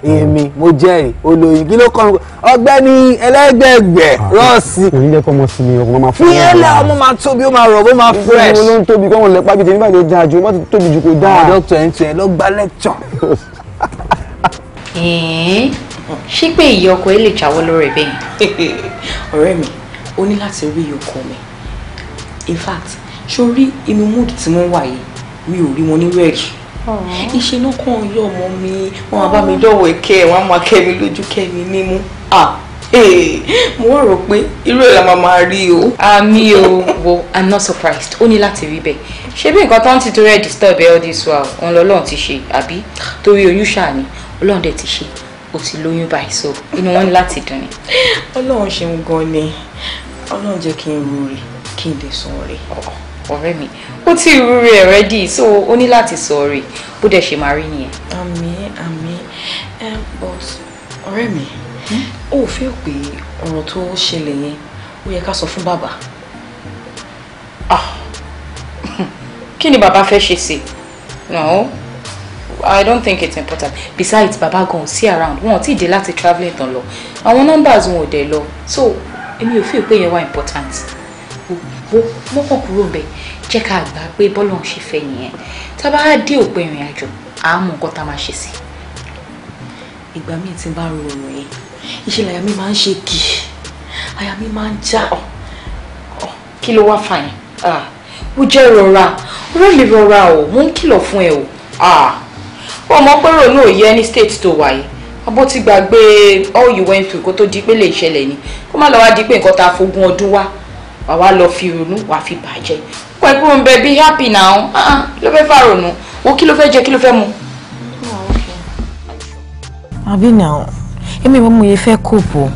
hmm. èmi mo jẹ́rìí olóyin kí ló kọ́ ọgbẹ́ni ẹlẹ́gbẹ̀gbẹ̀ ah, rọ́ọ̀sì. kò ní lẹ́kọ̀ọ́ ọmọ sí mi ọmọ máa fún mi. fiyẹ́lẹ̀ ọmọ máa tóbi ó máa rọ̀ ó máa fresh. ìṣòro ló ń tóbi kọ́mọ lẹ́pàá bíi tèmi báyìí ló dáa ju ọmọ ti tóbi ju kò dáa. àwọn dókítà ẹ̀ ń tiẹ̀ lọ gba lẹ́kṣọ̀. ṣé pé ìyá ọkọ ẹ lè jáwọ́ lórí ẹ̀ bẹ́yìn. ọ̀rẹ́ mi o ní láti rí ọkọ mi in fact sórí inú mood tí wọ́n wà yìí mi ò rí wọn ní rẹ́ẹ̀rì ìṣe náà kàn yọ ọmọ mi wọn bá mi dọ̀wọ̀ ẹ̀kẹ́ wọn á máa kẹ́ mi lójú kẹ́ mi nímú ah mo wá rò pé irú ẹ̀ la máa máa rí o. àmì o wo i'm not surprised ó ní láti rí bẹ́ẹ̀ ṣé bí nǹkan tó ń ti torí ẹ̀ disturb all this while òun lọ́lọ́run ti ṣe àbí torí oyún ṣáà ni ọlọ́run dẹ̀ ti ṣe o ti lóyún báyìí so inú wọn ní láti dùn ni. ọlọ́run ṣeun gan ni Ọlọ́run jẹ́ kí n ru rẹ̀ kí n lè sọ rẹ̀. ọ̀rẹ́ mi ó ti ru rẹ̀ rẹ́dí so ó ní láti sọ rẹ̀ bó dẹ̀ ṣe máa rí nìyẹn. àmín àmín but ọ̀rẹ́ mi ó hmm? fẹ́ pé ọ̀rọ̀ tó ṣẹlẹ̀ yẹn ó yẹ ká sọ fún bàbá. Ah. kí ni bàbá fẹ́ ṣe sí no i don't think it's important besides bàbá gan see around wọn ò tí ì dé láti travelling tán lọ àwọn numbers wọn ò dẹ̀ lọ so Emi, ò feel pé yẹn wá important gbogbo mọ́kàn kúrò ń bẹ̀ jẹ́ ká gbà pé bọ́ọ̀lù ń ṣe fẹ́ nìyẹn tá a bá dé òpin ìrìn àjò à á mọ nǹkan tá a máa ṣe sí. ìgbà míì tí n bá ro ọ̀rọ̀ yẹn ìṣẹ̀lẹ̀ àyà mi máa ń ṣe kì í àyà mi máa ń já ọ̀ kí ló wá fà yẹn ó jẹ́ rọra wọ́n lè rọra o mo ń kìlọ̀ fún ẹ o ọmọ ni náà yẹ ní state tó wà yìí bó ti gbàgbé all you went through kó tó di pé lè ṣẹlẹ̀ ni kó má lọ wá di pé nǹkan tá a fogún ọdún wá wà wá lọ fi ronú wà fi bàjẹ́ kó ẹ kúrò ń bẹ bí happy now ah, ah, ló fẹ́ fà ronú wo kí ló fẹ́ jẹ kí ló fẹ́ mu. àbí náà èmi mo yẹ fẹ́ kóòpù o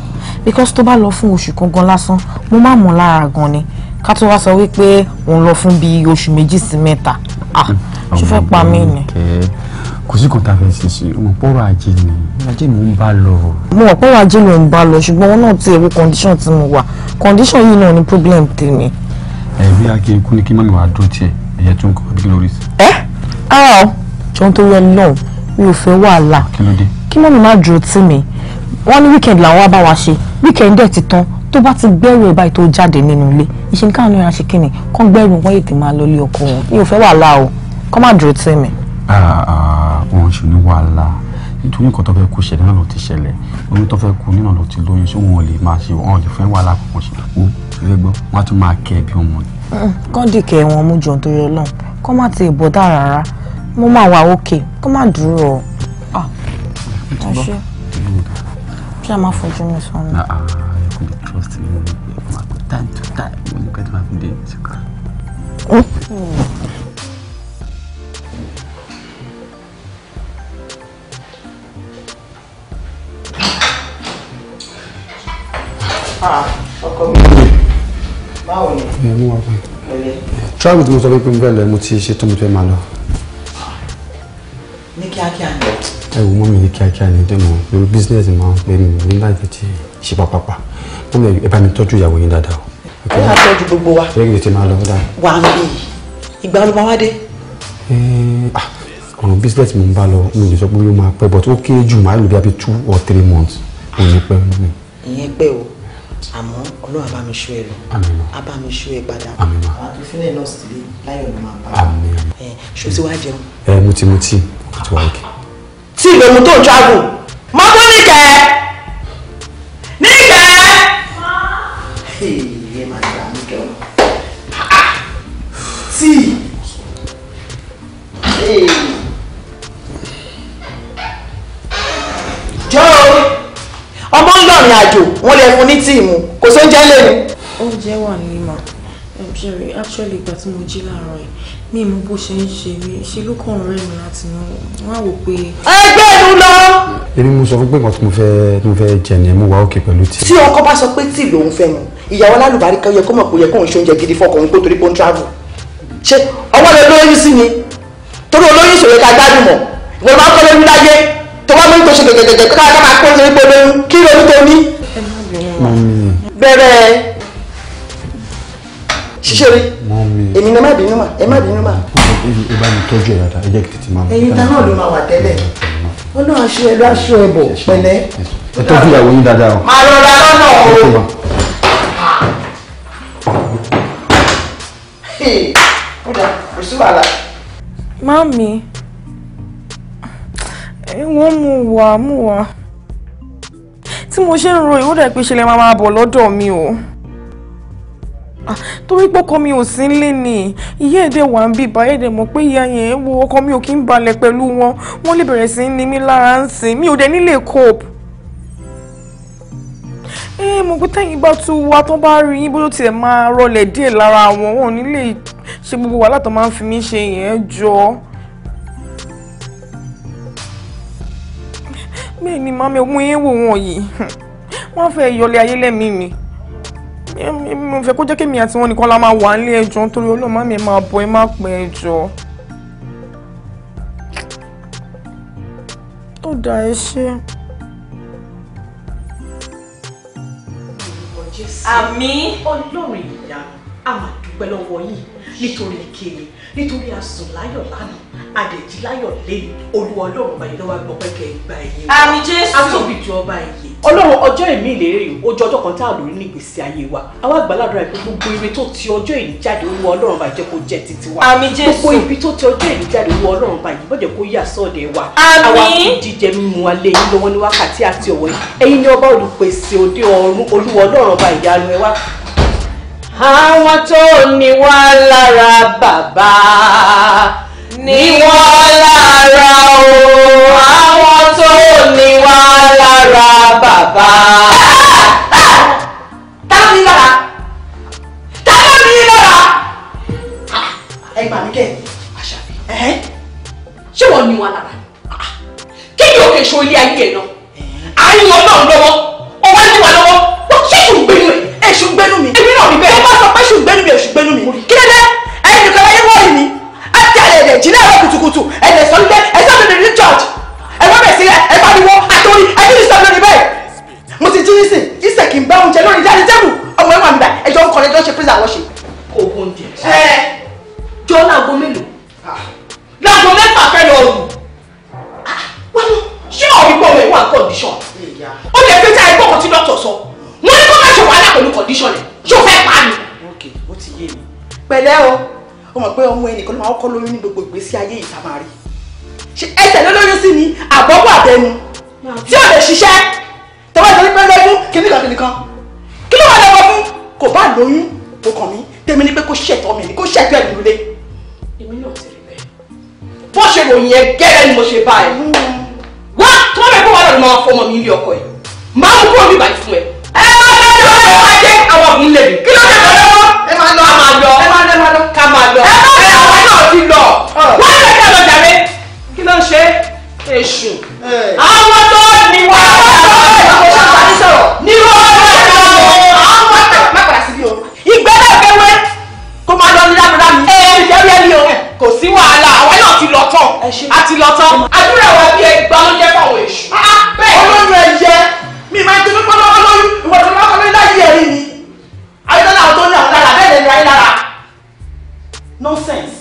because tó bá lọ fún oṣù kan gan lásán mo má mọ̀ lára gan ni ká tó wá sọ wípé òun lọ fún bíi oṣù méjì sí mẹ́ta ah ṣó fẹ́ pa mí ni. Mm, kò sí kòtà fẹ́ ṣe ṣe mo pọ́rọ̀ ajé ni ajé mi ń bá lọ. mo mọ̀ pọ́rọ̀ ajé ló ń bá lọ ṣùgbọ́n wọn náà ti èrè condition tí mo wà condition yìí náà ni problem tèmi. ẹ bí akin kú ni kí mọ́mi wàá dúró tiẹ̀ ẹ̀yẹ tó ń kọ́ bí lórí. ẹ ara ọ jọ tó yẹ náà mi ò fẹ́ wàhálà kí mọ́mi má dúró tì mí wọ́n ní weekend làwọn wá bá wa ṣe weekend dẹ̀ ti tán tó bá ti gbẹ́rù ẹ̀ báyìí tó jáde nínú ilé ìṣe ní káwọn ìran ṣe kíni kán gbẹ́rù wọ́n ètè máa lọ ilé ọkọ wọn mi ò fẹ́ wàhálà o kán má dúró tì mí. Ah, ah wọn ṣe ní wàhálà nítorí nǹkan tó fẹ́ kú ṣẹlẹ̀ náà ló ti ṣẹlẹ̀ oyún tó fẹ́ kú nínà ló ti lóyún ṣé wọn lè máa ṣe wọn lè fẹ́ wàhálà kọ̀ọ̀kan ṣe kú ṣe gbọ́ wọn á tún máa kẹ́ bí ọmọ ni. Eh, kọ́ńdì wọn mú jọ nítorí ọlọ́run kọ́ má ti bọ́ dà rárá mo máa wà òkè kọ́ má dúró ah, ah, ọ. ṣé a máa fojú mi sọ ni. Ah, time time when you get my ọkọ mi báwo ni. ẹ mú wa fún mi. travel tí mo sọ pé pín bẹ́ẹ̀ lẹ mo ti ṣe tó mo fẹ́ máa lọ. ní kíákíá ni. ẹ wò mọ́ mi ní kíákíá ni dé mọ́ lórí bísíǹnẹ̀sì máa ń pè mí ní láìpẹ́ tí ṣe pàpàpà mo lè ẹ bá mi tọ́jú ìyàwó yín dáadáa o. ẹ máa tọ́jú gbogbo wa. ṣé kìí ti máa lọ dáa. wà á ń bì ìgbà ló máa wá dé. Ah, ọ̀rọ̀ bísíǹnẹ̀sì mo ń bá lọ mi ò lè sọ pé ó máa pẹ́ but ó kéré jù máa lò bí i two or three months mo ní pẹ́ mọ́ ìyẹn pẹ́ o àmọ́ ọlọ́run abá mi ṣú ẹ lọ abá mi ṣú ẹ padà àwọn tó fílẹ̀ náà sì lè láyọ̀ ló máa bá ẹ ṣó ti wá jẹun. ẹ mo ti mo ti mo ti wá òkè. tí ìlòmù tó ń travel máa bọ́ níkẹ́ níkẹ́. ẹ rìnrìn àjò wọ́n lè fún ní tíì mu kò sóúnjẹ lé ni. oúnjẹ wà ní ma i'm sorry actually ìgbà tí mo jí láàárọ̀ yìí mi mú bó ṣe ń ṣe mí ṣe ló kàn rẹ̀ mi láti inú wọn á wò pé. ẹgbẹ́ ìlú lọ. èmi mo sọ fún pé nǹkan tí mo fẹ́ tí mo fẹ́ jẹ ni mo wà òkè pẹ̀lú tíì. tí ọkọ bá sọ pé tíì lòun fẹ́ mu ìyàwó alálùbáríkà yẹ kó mọ̀ pé yẹ kóun ṣe oúnjẹ gidi fọkàn kó torí pé ó ń travel ṣe ọwọ́ lè lóyún sí ni torí olóyún ìṣòro ká gbádùn mọ̀ ìwọ kò wá lóyún tó ṣe gẹ̀gẹ̀gẹ̀ ká ká máa pín torí pé lóyún kí lóyún tó ní. bẹ̀rẹ̀ ṣíṣe rí èmi ni ẹ má bínú mà ẹ má bínú mà. ẹ bá mi tọ́jú ẹ̀ dáadáa ẹ jẹ́ kí tètè máa. ẹyin ta ló máa wà tẹ́lẹ̀ ó aṣọ ẹ lọ aṣọ ẹ bọ̀ pẹ̀lẹ́. ẹ tọ́jú ìyàwó yín dáadáa o. màá lọ ra lọ́nà o. Mami wọ́n mú wá mú wá tí mo ṣe ń ro ìwúdà pé ṣe máa máa bọ̀ lọ́dọ̀ mi o ah, torí pé mi ò sí nílé ni ìyá èdè wà ń bí ìbáyé mọ̀ pé ìyá yẹn wo ọkọ mi ò kí ń balẹ̀ pẹ̀lú wọn wọ́n lè bẹ̀rẹ̀ sí í ni lára ń sìn mi ò dé nílé cope ẹ mọ̀ pé tẹ́yìn bá tún wá tán bá rí yín bóyá tiẹ̀ máa rọlẹ̀ díẹ̀ lára wọn wọn ò ní lè ṣe gbogbo wàhálà tó máa ń fi mí ṣe yẹn jọ. bẹ́ẹ̀ ni màmí ogun yín wò wọ́n yìí wọ́n fẹ́ yọlé ayé lẹ́mí mi mo fẹ́ kó jẹ́ kémi àti wọn nìkan la máa wà nílé ẹjọ́ nítorí ọlọ́mọ mi máa bọ̀ ẹ má pẹ́ ẹjọ́. ó dà ẹ ṣe. àmì ọlọ́run ìyá a máa lọ́wọ́ yìí nítorí ìkéde nítorí àsùnláyọ̀ lánàá àdèjì láyọ̀ lẹ́yìn olúwa ọlọ́run ọba yìí lọ́wọ́ gbọ́pẹ́ kẹ́ ìgbà ẹ̀yẹ wa àmì jésù àtòbí ju ọba ẹ̀yẹ. ọlọ́run ọjọ́ ìmí ìlérí yìí ó jọ ọjọ́ kan tá a lò ní ìgbésí ayé wa àwa àgbàládùn àìpé gbogbo ire tó ti ọjọ́ ìní jáde olúwa ọlọ́run ọba jẹ́ kó jẹ́ títí wa àmì jésù gbogbo ibi tó ti ọjọ́ ìní jáde olúwa ọlọ́run ọba yìí bọ́jẹ̀ kó yà sọ́ọ̀dẹ̀ wa àwa jíjẹ mímu alẹ́ yìí lọ́wọ́ ní wákàtí àti ọ̀wọ́ yìí ẹ̀yin ni ọba olùpèsè òde ọ̀run olúwa ọlọ́run àwọn tó ní wá lára bàbá ni wọ́n lára o àwọn tó ní wá lára bàbá. tábìlì lára tábìlì lára. Ah, ẹ gbà mí kẹ́ ẹ̀ ṣé wọ́n ní wá lára ah, kí ni òkè ṣo ilé ayé ẹ̀ náà àárín ọlọ́run lọ́wọ́ ọwọ́ ní wa lọ́wọ́ wọ́n ṣé ṣùgbẹ́nu ẹ̀ ṣùgbẹ́nu mi. èmi náà rí bẹ́ẹ̀. ẹ bá sọ pé ṣùgbẹ́nu mi ò ṣùgbẹ́nu mi kí ló dé ẹnì kan láyé ẹ̀dẹ̀ jí náà kùtùkùtù ẹ̀dẹ̀ sọ́lé ẹ̀sán lórí ní church ẹ̀wọ́n bẹ̀ sílẹ̀ ẹ̀ pariwo àtòrí ẹ̀dí ìsọ lórí bẹ́ẹ̀ mo ti jí nísìn ìsẹ̀ kì í bá oúnjẹ lórí dáadé tẹ́bù ọmọ ẹ̀wà mi bá ẹjọ́ ń kọrin ẹjọ́ ń ṣe prison àwọn ṣe. kò oúnjẹ. ẹ jọ láago mélòó láago mẹ́fà fẹ́ lọ rù wọ́n ṣé ọ̀rí gbọ́ wẹ̀ wà condition ó lè fi ta ẹgbọ́n tí dókítà sọ condition rẹ̀ yóò fẹ́ pa á ni. ok ó ti ó mọ̀ pé ọmọ ẹnìkan ló máa kọ́ lóyún ní gbogbo ìgbésí ayé yìí tá máa rí ṣe ẹsẹ̀ ló lóyún sí ni àbọ̀bọ̀ àtẹnu tí ò lè ṣiṣẹ́ tọ́wọ́ ìtọ́jú pé lóyún kíní kan kíní kan kí ló wà lọ́wọ́ fún kò bá lóyún kò kàn mí tèmi ni pé kó ṣètọ́ mi ni kó ṣètọ́ ẹ̀ lulẹ̀. èmi náà ti rí bẹ́ẹ̀. bó ṣe ròyìn ẹ gẹ́rẹ́ ni mo ṣe bá ẹ. wá tó bá bẹ́ẹ̀ kó wà lọ́dún máa fọmọ mi ilé ọkọ ẹ̀ máa ń kúrò níbàyí fún ẹ. ẹ máa ń lọ ẹ máa jẹ àwọn ọ̀gùn lè mí kí ló dé lọ́wọ́ ẹ máa lọ ẹ máa lọ lọ lọ. ẹ bá bẹ̀rẹ̀ àwọn náà ti lọ wọ́n lè ká lọ jàre kí ló ń ṣe èṣù. àwọn tó ní wà á lọ àwọn tó ní sọ̀rọ̀ ní wọ́n lọ lọ àwọn máa padà síbi o. ìgbẹ́lẹ̀ kẹwẹ́ kó máa lọ ní dámidámi. ẹ ẹ jẹ́ bẹ́ẹ̀ ni o kò sí wàhálà àwọn náà ti lọ tán a ti lọ tán. àdúrà wa bí ẹgbàá ló jẹ́ fáwọn èṣù. Ah, ah, bẹ́ẹ̀ olórí ẹ̀yẹ mi máa ń tẹ́lẹ̀ pọ́nlọ́wọ́ lórí ìwọ̀n tó máa ń kọ́lé láyé ẹ̀rí ni. ayélujára tó ní àwọn lára bẹ́ẹ̀ lẹ́nu ayélujára nonsense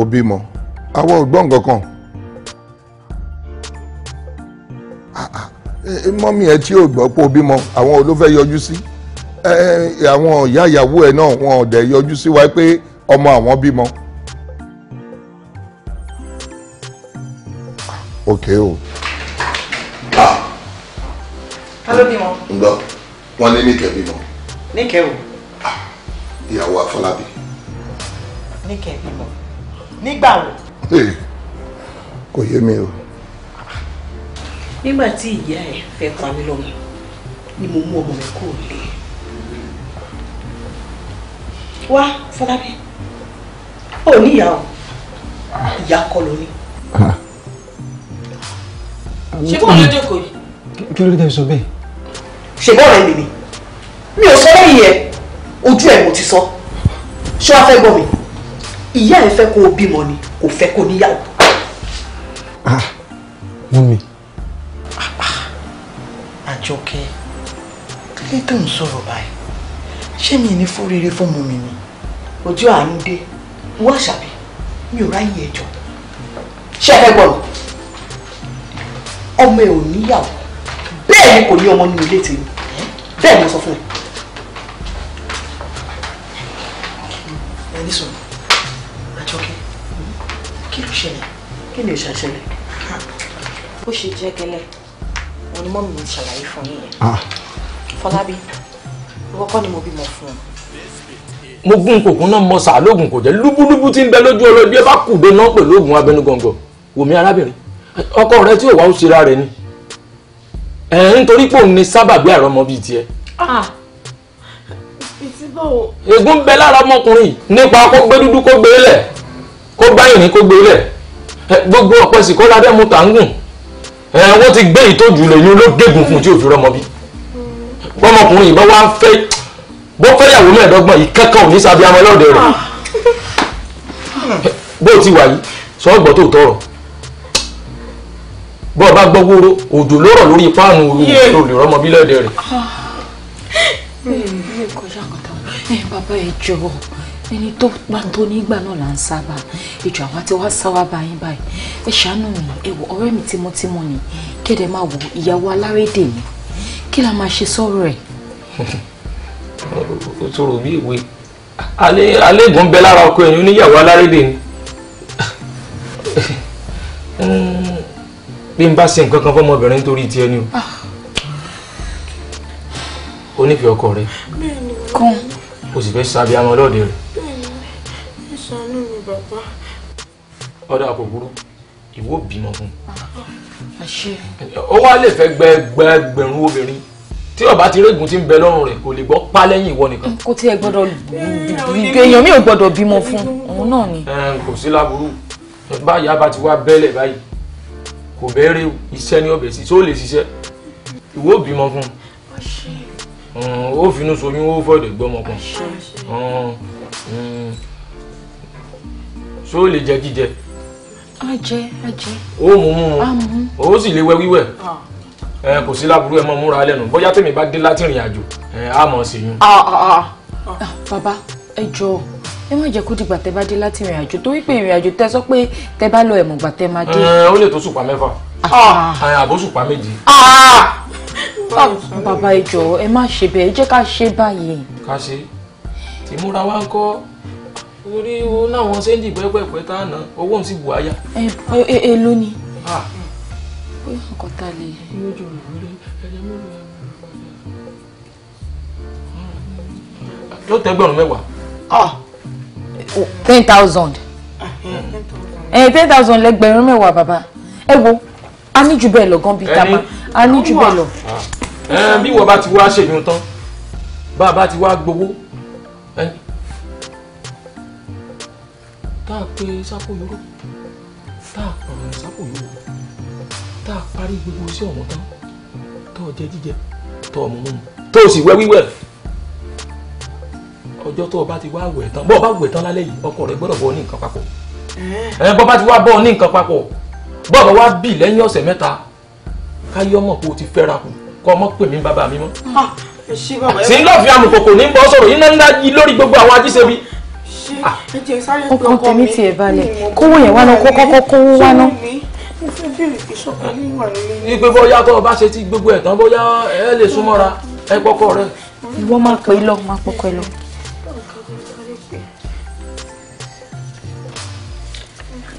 ó bímọ àwa ò gbọ́ nǹkan kan ah, ah. mọ́mí ẹ tí ò gbọ́ pé ó bímọ àwọn olófẹ́ yọjú sí àwọn ìyá ìyàwó ẹ náà wọn ò dẹ̀ yọjú sí wa pé ọmọ àwọn bímọ. Ah, ok o. ta ló bímọ. ń gbọ́ wọ́n ní níkẹ́ bímọ. níkẹ́ o. ìyàwó àfọlábí. níkẹ́ bímọ nígbà wo. Eh, kò yé mi o. nígbà tí ìyá ẹ fẹ́ pa mí lọ́mọ ni mo mú ọmọ mi kúrò lé wá fọlábí ó ní ìyá o ìyá kọ́ ló ní. Ah. ṣé bọ́ọ̀ ló jókòó yìí. kí ló dé tẹ́ fi sọ bẹ́ẹ̀. ṣe bọ́ọ̀rẹ́ mi ni mi ò sọ lẹ́yìn ẹ ojú ẹ̀ mo ti sọ ṣé wàá fẹ́ gbọ́ mi ìyá ẹ fẹ́ kó o bímọ ni kò fẹ́ kó níyàwó. Ah, mummy. àjọkẹ́ kílé tó ń sọ̀rọ̀ báyìí ṣé mi ní fúrere fún mummy ni ojú àánú dé wọ́n àṣàbí mi ò ráyè ẹjọ́ ṣé ẹ fẹ́ gbọ́ mi ọmọ ẹ ò níyàwó bẹ́ẹ̀ ni kò ní ọmọ nínú ilé tèmi bẹ́ẹ̀ ni mo sọ fún ẹ. ṣẹlẹ̀. kí ni ìṣà ṣẹlẹ̀. Ah. bó ṣe jẹ́ gẹ́lẹ́ òun ni mọ́mí mi ṣàlàyé fún yín yẹn. Ah. fọlábí ìwọ kọ́ ni mo bímọ fún un. mo gún kòkún náà mọ sàálògùn kò jẹ́ lúbúlúbú tí ń bẹ lójú ọlọ́dẹ bá kùdé náà pẹ̀lú oògùn abẹnugọ̀ngọ̀ wòmí arábìnrin ọkọ rẹ tí ò wá ó ṣera rẹ ni ẹ nítorí pé òun ni sábàbí àrọmọ bíi tiẹ̀. ègún ah. bẹ lára ọmọkùnrin nípa kó gbé dúdú kó gbé lẹ̀ kó gbá ìrìn kó gbé lẹ̀ gbogbo ọ̀pẹ sì kó lábẹ́ mu tàǹgùn wọ́n ti gbé ìtòjú lè ní olóògùn fún tí òfin rọmọ bí bọ́mọkùnrin ìbọn wá ń bó fẹ́yàwó mẹ́ẹ̀ẹ́dọ́gbọ̀n ìkẹ́kọ̀ọ́ ò ní sábẹ́ amọ lọ́dẹ rẹ̀ bó ti wà yìí sọ ọgbọ́n tó tọrọ bọ́ọ̀ bá gbọ́ òjò ló lórí páànù olùrò lè rọmọ bí lọ́dẹ rẹ̀. Ah. bàbá ẹ jọ̀ọ́ ẹni tó bá tó nígbà náà là ń sábà ìjọ àwa tí wàá sá wa bá yín báyìí ẹ ṣàánú mi ẹ wò ọ̀rẹ́ mi tímọ́tímọ́ ni kéde máa wò ìyàwó alárédè mi kí la máa ṣe sọ̀rọ̀ ẹ̀. o tó rò bí ìwé alégún ń bẹ lára ọkọ ẹ̀yìn oníyàwó alárédè ni bí n bá ṣe nǹkan kan fọmọbìnrin nítorí tiẹ̀ ni o onífẹ̀ẹ́ ah. ọkọ rẹ kan o sì fẹ́ sábẹ́ amọ́ lọ́ọ̀dẹ rẹ ọ̀pá. ọ̀dà kò burú ìwọ bímọ fún un. ó wá lè fẹ́ gbẹgbẹgbẹ̀rún obìnrin tí ọba ti régun ti ń bẹ lọ́rùn rẹ̀ kò lè gbọ́ pa lẹ́yìn ìwọ nìkan. kò tiẹ̀ gbọ́dọ̀ èèyàn mi ò gbọ́dọ̀ bímọ fún òun náà ni. kò sí láburú báyìí abá ti wá bẹ́lẹ̀ báyìí kò bẹ́ẹ̀rẹ̀ iṣẹ́ ní ọbẹ̀ sí tó lè ṣiṣẹ́ ìwọ bímọ fún un ó finú soyún ó fọ̀dẹ̀ gbọ́mọ kan ṣó lè jẹ jíjẹ. a jẹ a jẹ. ó mú mú ó sì lè wẹ wíwẹ̀ ah. ẹ kò sí láburú ẹ mọ múra lẹ́nu bóyá tèmi bá dé láti rìn àjò ẹ á mọ sí yún. Ah, ah, bàbá ẹ jọ̀ọ́ ẹ má jẹ́ kó dìgbà tẹ́ bá dé láti rìn àjò torí pé ìrìn àjò tẹ́ sọ pé tẹ́ bá lọ ẹ̀mùgbà tẹ́ máa dé. ó lè tó sùpà mẹ́fà àbó sùpà méje. bàbá ẹ jọ̀ọ́ ẹ má ṣe bẹ́ẹ̀ ẹ jẹ́ ká ṣe báyìí. ká ṣe tìmúra wa ń kọ́ orí òun náà wọn ṣe ń dìbò ẹgbẹ̀pẹ̀ tá à ná owó òun sì bù áyá. ẹ ẹ ẹ ló ni. bóyá nǹkan tá a lè. lójú rẹ yóò tẹ́gbẹ̀rún mẹ́wàá. ten thousand. ten thousand lẹ́gbẹ̀rún mẹ́wàá bàbá ẹ wo a ní jù bẹ́ẹ̀ lọ gan bíi tama a ní jù bẹ́ẹ̀ lọ. bí wọ́n bá ti wá ṣèyún tán bá a bá ti wá gbowó pe sápò yòrò tá a pọ̀rọ̀ sápò yòrò tá a parí gbogbo iṣẹ́ ọ̀hún tán tó o jẹ jíjẹ tó o mú mú tó o sì wẹ wíwẹ̀ ọjọ́ tó o bá ti wá wẹ̀ tán bọ́ ọ bá wẹ̀ tán lálẹ́ yìí ọkọ rẹ gbọ́dọ̀ bọ́ ọ ní nǹkan papọ̀ ẹ bọ́ bá ti wá bọ́ ọ ní nǹkan papọ̀ bọ́ ọ bá wá bì lẹ́yìn ọ̀sẹ̀ mẹ́ta káyọ́ mọ̀ kó o ti fẹ́ra kù kọ́ ọ mọ̀ pè mí bàbá mi mọ́. sí lọ́ọ̀fì amùkòkò ní bọ́ sọ̀rọ̀ yín náà ń dá yí lórí gbogbo àwọn ajíṣebí Ah, ọkàn tèmi tiẹ̀ balẹ̀ kówó yẹn wá náà kọ́kọ́ kówó wá náà mo fẹ́ bèrè pé sọ́kàn nínú àlè. ní pé bóyá tó o bá ṣe ti gbogbo ẹ̀ tán bóyá ẹ lè súnmọ́ra ẹ pọ́kọ́ rẹ. ìwọ máa pè é lọ máa pọ́kọ́ ẹ lọ.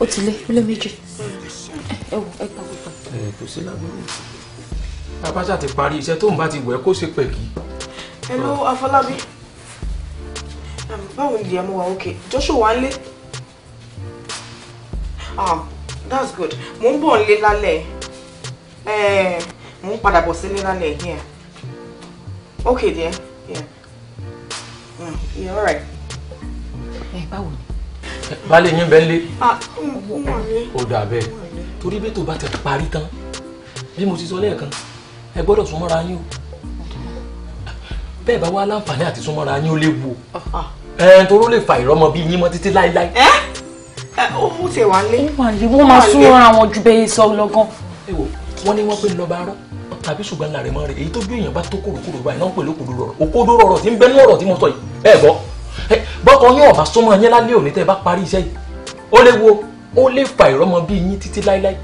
ó ti lé ó lé méjì ẹ wò ẹ gbà gbogbo. ẹ kò sí lágbóyè abájá ti parí iṣẹ́ tóun bá ti wẹ̀ kó ṣe pẹ̀kì. hello Afọlábí báwo ni ìyàmú wa okay Joshua wà nílé ah that's good mò ń bọ̀ nílé lálẹ́ ẹ̀ eh, mò ń padà bọ̀ sílé lálẹ́ here okay dear yeah mm, yeah alright. ẹ eh, báwo ni. baálé yín bẹ́ẹ̀ lé. ah um, um, ó dà bẹ́ẹ̀ torí bí ètò bá ti parí tán bí mo ti sọ lẹ́ẹ̀kan ẹ gbọ́dọ̀ sún mọ́ra yín o bẹ́ẹ̀ bá wá láǹfààní àti súnmọ́ra yín ó léwu ẹ torí ó lè fa ìrọ́mọ bíi yín mọ́ títí láéláé. ẹ ó mú tiẹ̀ wá lé. wọ́n máa súnmọ́ra wọn ju bẹ́ẹ̀ sọ lọ́gán. wọ́n ní wọ́n pé lọ́ba arọ́ tàbí ṣùgbọ́n láre mọ́ rẹ̀ èyí tó bí èèyàn bá tó kòròkòrò báyìí náà pẹ̀lú òkòdó rọrọ̀ òkòdó rọrọ̀ tí ń bẹ́nu ọ̀rọ̀ tí mo sọ yìí ẹ gbọ́ bọ́kọ yín ọ̀bà súnmọ́ yín lálẹ́ òní tẹ́ bá parí iṣẹ́ yìí ó léwu o ó lè fa ìrọmọ bíi yín títí láíláí.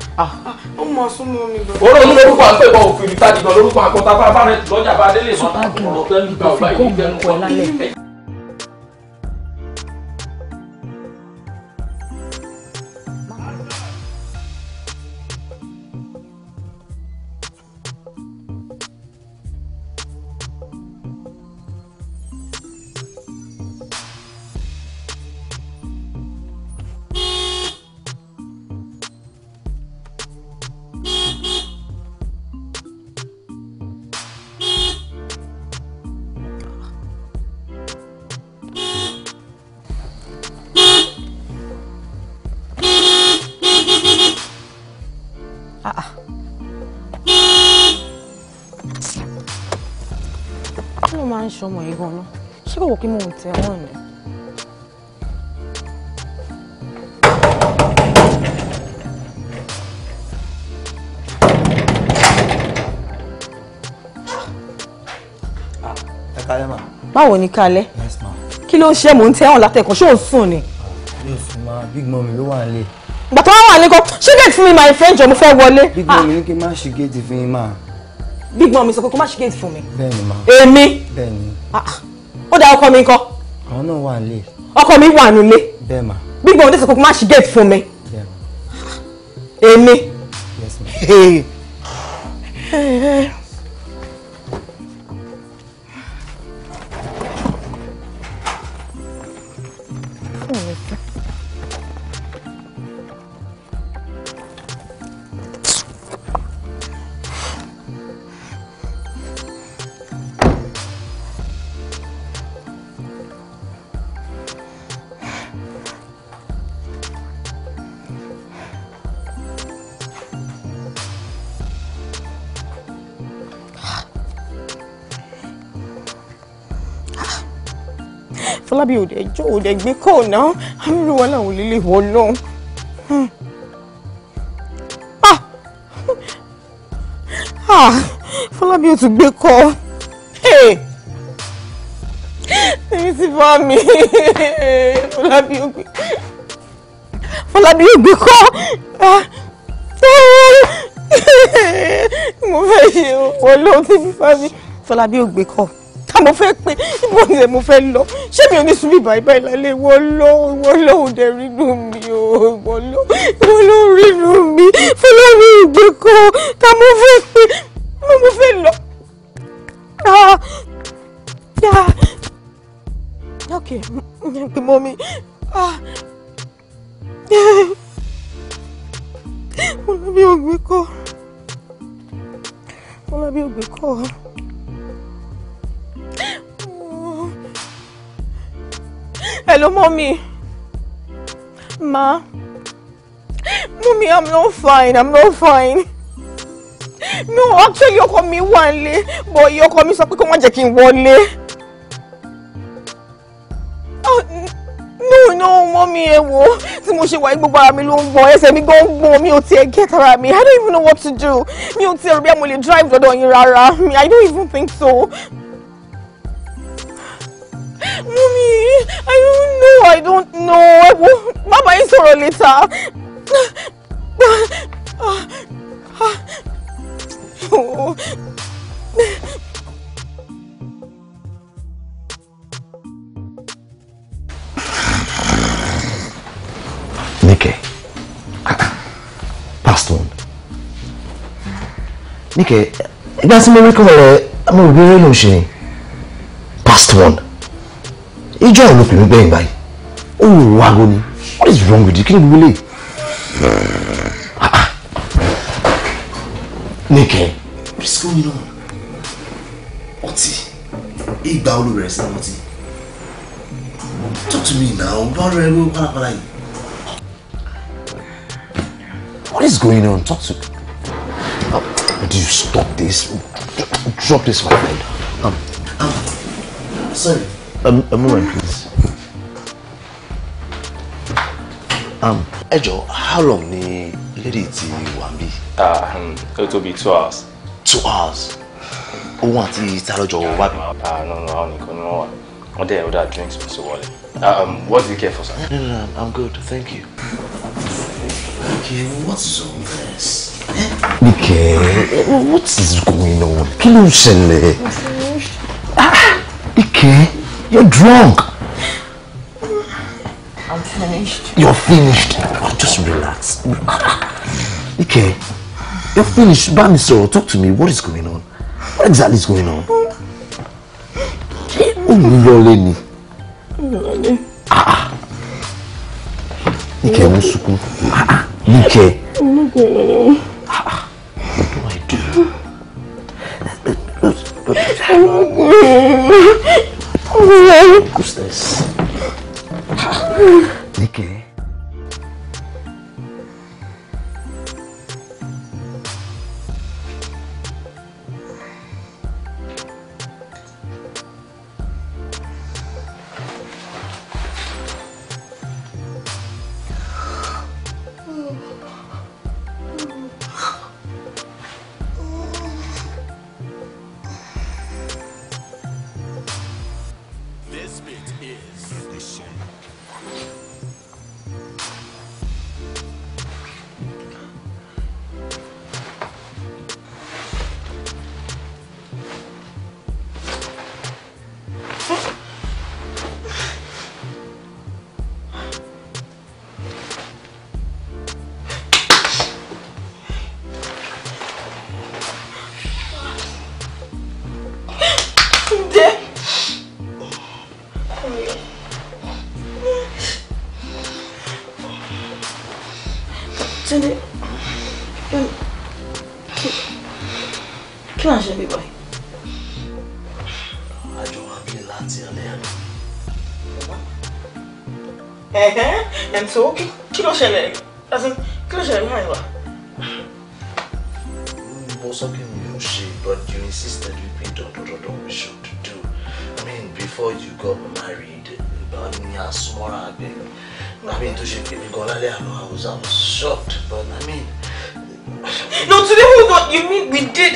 ó mọ súnmọ́ mi lọ. oró ní lórúkọ àti ìwọ òfin ìtajì gan lórúkọ àkọta fáfárẹ lọjà bá délé mọ àkọkọ lọ pẹ̀lú ìgbà ọba ìlú ìjẹun pọ. ń ṣọmọ yìí gan-an ṣé kò wò kí mò ń tẹ wọ́n ni. báwo ni kalẹ̀ kí ló ń ṣe mò ń tẹ wọ́n látẹ̀kọ́ ṣé ò ń sùn ni. yóò sùn máa big mummy ló wà nílé. bàtà wà wà ní kó ṣí gate fún mi my friend jọ mo fẹ́ wọlé. big mummy ah. ní kí n má ṣí gate fún yín máa bígbọ́n mi sọ pé kó má ṣe gate fún mi. bẹ́ẹ̀ni ma èmi. bẹ́ẹ̀ni. Ah, ah. ó dá ọkọ mi ńkọ́. àwọn náà wà nílé. ọkọ mi wà nílé. bẹ́ẹ̀ ma. bígbọ́n mi sọ pé kó má ṣe gate fún mi. bẹ́ẹ̀ ma. èmi. yes ma. alábì òde ẹjọ́ òde gbé kọ́ ọ̀nà amúlò wọn làwọn olè lè wọ́ lọ́hùn. Hmm. Ah! Ah! fọlábí ò tún gbé kọ́ èyí ti bá mi fọlábí ò gbé fọlábí ò gbé kọ́ ah! mo fẹ́ ṣe wọ́n lọ́hùn tí fífa mi fọlábí ò gbé kọ́ mo fẹ́ pé síbò ni mo fẹ́ lọ ṣé mi ò ní sunbí báyìí báyìí lálẹ́ ìwọ lọ ìwọ rínú mi o ìwọ lọ rínú mi fúlọ́ọ̀rì ìgbèkọ̀ ta mo fẹ́ pé mo fẹ́ lọ. ok pe ah, ògbé kọ́ mo ògbé kọ́. Hello, mommy. Ma. Mommy, I'm not fine. I'm not fine. No, actually, ọkọ mi wà nílé, but you call me something kí wọ́n jẹ́ kí n wọlé. Ah, no, no, mommy, ẹ wò. Tí mo ṣe wà yí gbogbo ara mi ló ń gbọ̀n, mi gan ń mi ò tiẹ̀ get ara mi. I don't even know what to do. Mi ò tiẹ̀ rò bí mo lè drive lọ́dọ̀ yín rárá. I don't even think so. Mummy, I don't know. I don't know. I wo, má is yín sọ̀rọ̀ later. Oh. Nike. Past one. Nike, ìgbà tí mo rí kọ́ rẹ̀, mo rí rí ló ṣe. Past one ìjọ ò ló pè mí gbẹ̀yìn báyìí ó wò wá go ni what is wrong with you kí ni gbogbo lè. nìkẹ́ what is going on ọtí ìgbà olùrẹ̀ sí ọtí talk to me now bá rẹ ló pàlàpàlà yìí. what is going on talk to me. do you stop this drop this my friend. Um, um, sorry a moment please. Um, ẹ how long ni lady ti wà Ah, bí. ó tó bí two hours. two hours òun àti talọ́jọ́ wà Ah, no no àwọn nìkan ni wọ́n wà wọ́n dẹ̀ order drinks wọ́n sì wọlé. Ah, um, what do you care for sir. no no no i'm good thank you. okay what's all this. Eh? Nike, what is going on? Kí ló ń ṣẹlẹ̀? okay. You're drunk. I'm finished. You're finished. Oh, just relax. Okay. You're finished. Bami, so talk to me. What is going on? What exactly is going on? Oh, Lolly. Lolly. Ah. Nike, no suku. Ah, Nike. Ah, ah. ah, what do I do? Who's this? Nikki. and so kí ló ṣẹlẹ̀ as in kí ló ṣẹlẹ̀ láì wá. Mm, mo sọ pé mi ò ṣe but you insisted you pay dọdọdọdọ we should do i mean before you got married ìbáwọ̀ ni a súnmọ́ra àgbẹ̀yìn i mean tó ṣe pé mi gan lálẹ́ àná i was i was shocked but i mean. no today we got you mean we did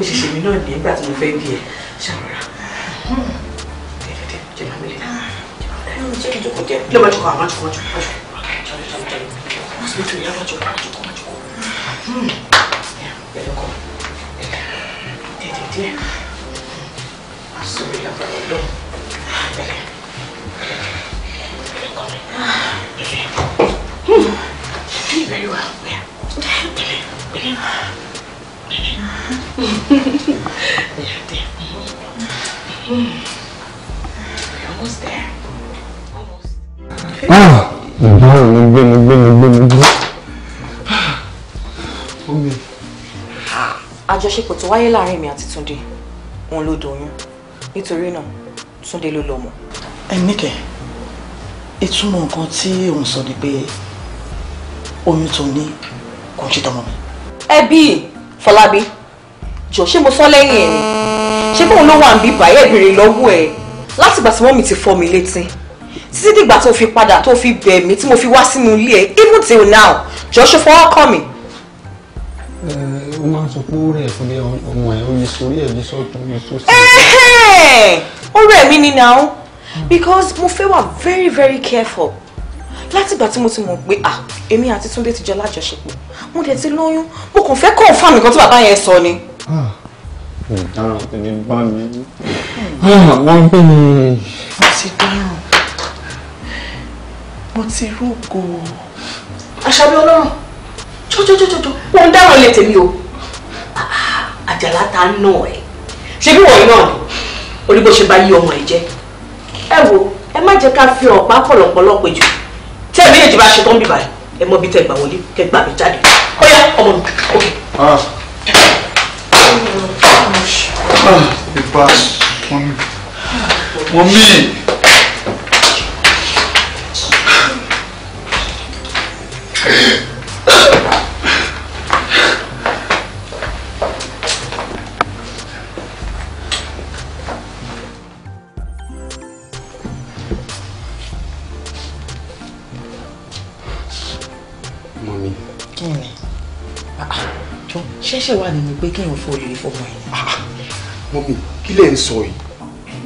bó ṣe ṣèmi náà ní ìgbà tí mo fẹ́ bí ẹ ṣàrọ̀rà dédédé hmm. ah. jẹ máa mílẹ̀ jẹ ìjókòó jẹ lọ́wọ́ ìjókòó àwọn àjòkó àjòkó àjòkó àjòkó àjòkó àjòkó àjòkó wáyé láàrin mi àti Túndé òun ló doyún nítorí náà Túndé ló lọ́mọ. ẹ níkẹ́ nǹkan tí òun sọ ni pé oyún tó ní kò ń ṣe tọmọ mi. ẹ Fọlábí jọ ṣé mo sọ lẹ́yìn ẹ̀ ni ṣé bóun ló wà ń bí bàyẹ̀ ìbèrè lọ́wọ́ ẹ̀ látìgbà tí wọ́n mi ti fọ́ mi létí títí dìgbà tó fi padà tó fi bẹ̀ mí tí mo fi wá sínú ilé ẹ̀ even till now jọ ṣe fọwọ́ kàn mí sọ pé ó rẹ̀ fún mi ọmọ ẹ̀ ó yẹ sórí ẹ̀ bí sọ́tún yẹ sósì. ó rẹ̀ mí ni now because mo fẹ́ wà very very careful látìgbà tí mo ti mọ̀ pé à èmi àti Túndé ti jọ lájọṣepọ̀ mo dẹ̀ ti lóyún mo kàn fẹ́ confirm nǹkan tí bàbá yẹn sọ ni. ìdáhùn ah, tèmi bá mi ah, ah, wọ́n ń pè mí. mo ti dáhùn mo ti rúgò. àṣàbí ọlọ́run jọjọjọjọ wọn ń dáhùn ilé tèmi o àjàlá ta ń nà ẹ́ ṣé bí wọ̀nyí náà ni orí bó ṣe bá yí ọmọ ẹ̀ jẹ́ ẹ wo ẹ má jẹ́ ká fi ọ̀pá pọ̀lọ̀pọ̀lọ̀ pé jù tẹ́ ẹ̀ méjèèjì bá ṣe tán bíbá ẹ mọ bí tẹ́ gbà wọlé kẹ́ gbà mí jáde ó yá ọmọ mi ok. ipa ah. Ah, mọ̀mí mọ̀mí. pé kéèyàn fọ òrìrì fọmọ ẹ̀. Ah, mọ́mí kí lẹ̀ ń sọ yìí.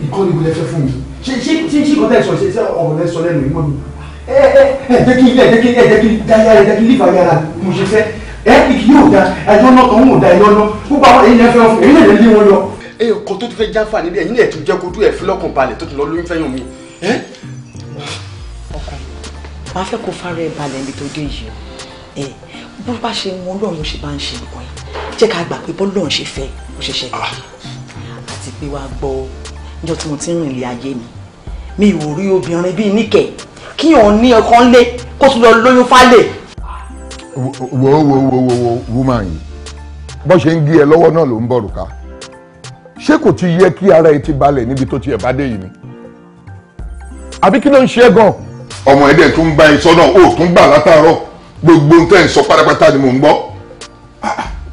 ìkọ́ni ìwé ẹ̀fẹ́ fún mi ṣé ṣé ṣé ṣé kọ́tà ẹ̀sọ́ ṣe ṣé ọ̀rọ̀ lẹ́sọ lẹ́nu yìí mọ́mí. ẹ ẹ ẹ jẹ́ kí ilé ẹ jẹ́ kí ẹ jẹ́ kí dáyà ẹ jẹ́ kí lífà yàrá mo ṣe fẹ́ ẹ ìkí yóò da ẹjọ́ náà tó ń wò da ẹjọ́ náà gbogbo àwọn èyí lẹ́fẹ̀ẹ́ fún èyí lè lé wọn lọ. ẹ kò tó ti fẹ́ jáfa níbi ẹ̀yìn ẹ̀ tún jẹ́ kó tó ẹ̀ fi lọ́kàn balẹ̀ tó tún lọ lóyún fẹ́yàn mi. ọkàn máa fẹ́ kó fara ẹ̀ balẹ̀ níbi tó dé yìí bó bá ṣe wọn lọ́run ló ṣe bá ń ṣe nǹkan yìí jẹ́ ká gbà pé bọ́lọ̀ ń ṣe fẹ́ ó ṣe ṣẹlẹ̀ ah. àti pé wàá gbọ́ níjọ́ tí mo ti ń rìn ilé ayé mi mi ò rí obìnrin bíi níkẹ̀ kíyàn ní ọkàn lé kó tún lọ lóyún fálè. wo wo wo wo wo woman yìí bó ṣe ń gé ẹ lọ́wọ́ náà ló ń bọ̀rù ká ṣé kò ti yẹ kí ara ẹ ti balẹ̀ níbi tó ti ẹ̀ bá dé yìí ni àbí kí ló ń ṣe gan. ọmọ ẹ̀dẹ̀ tún gba ìsọ́nà ó tún gbà látàárọ̀ gbogbo ń tẹ̀ ń sọ pátápátá ni mò ń gbọ́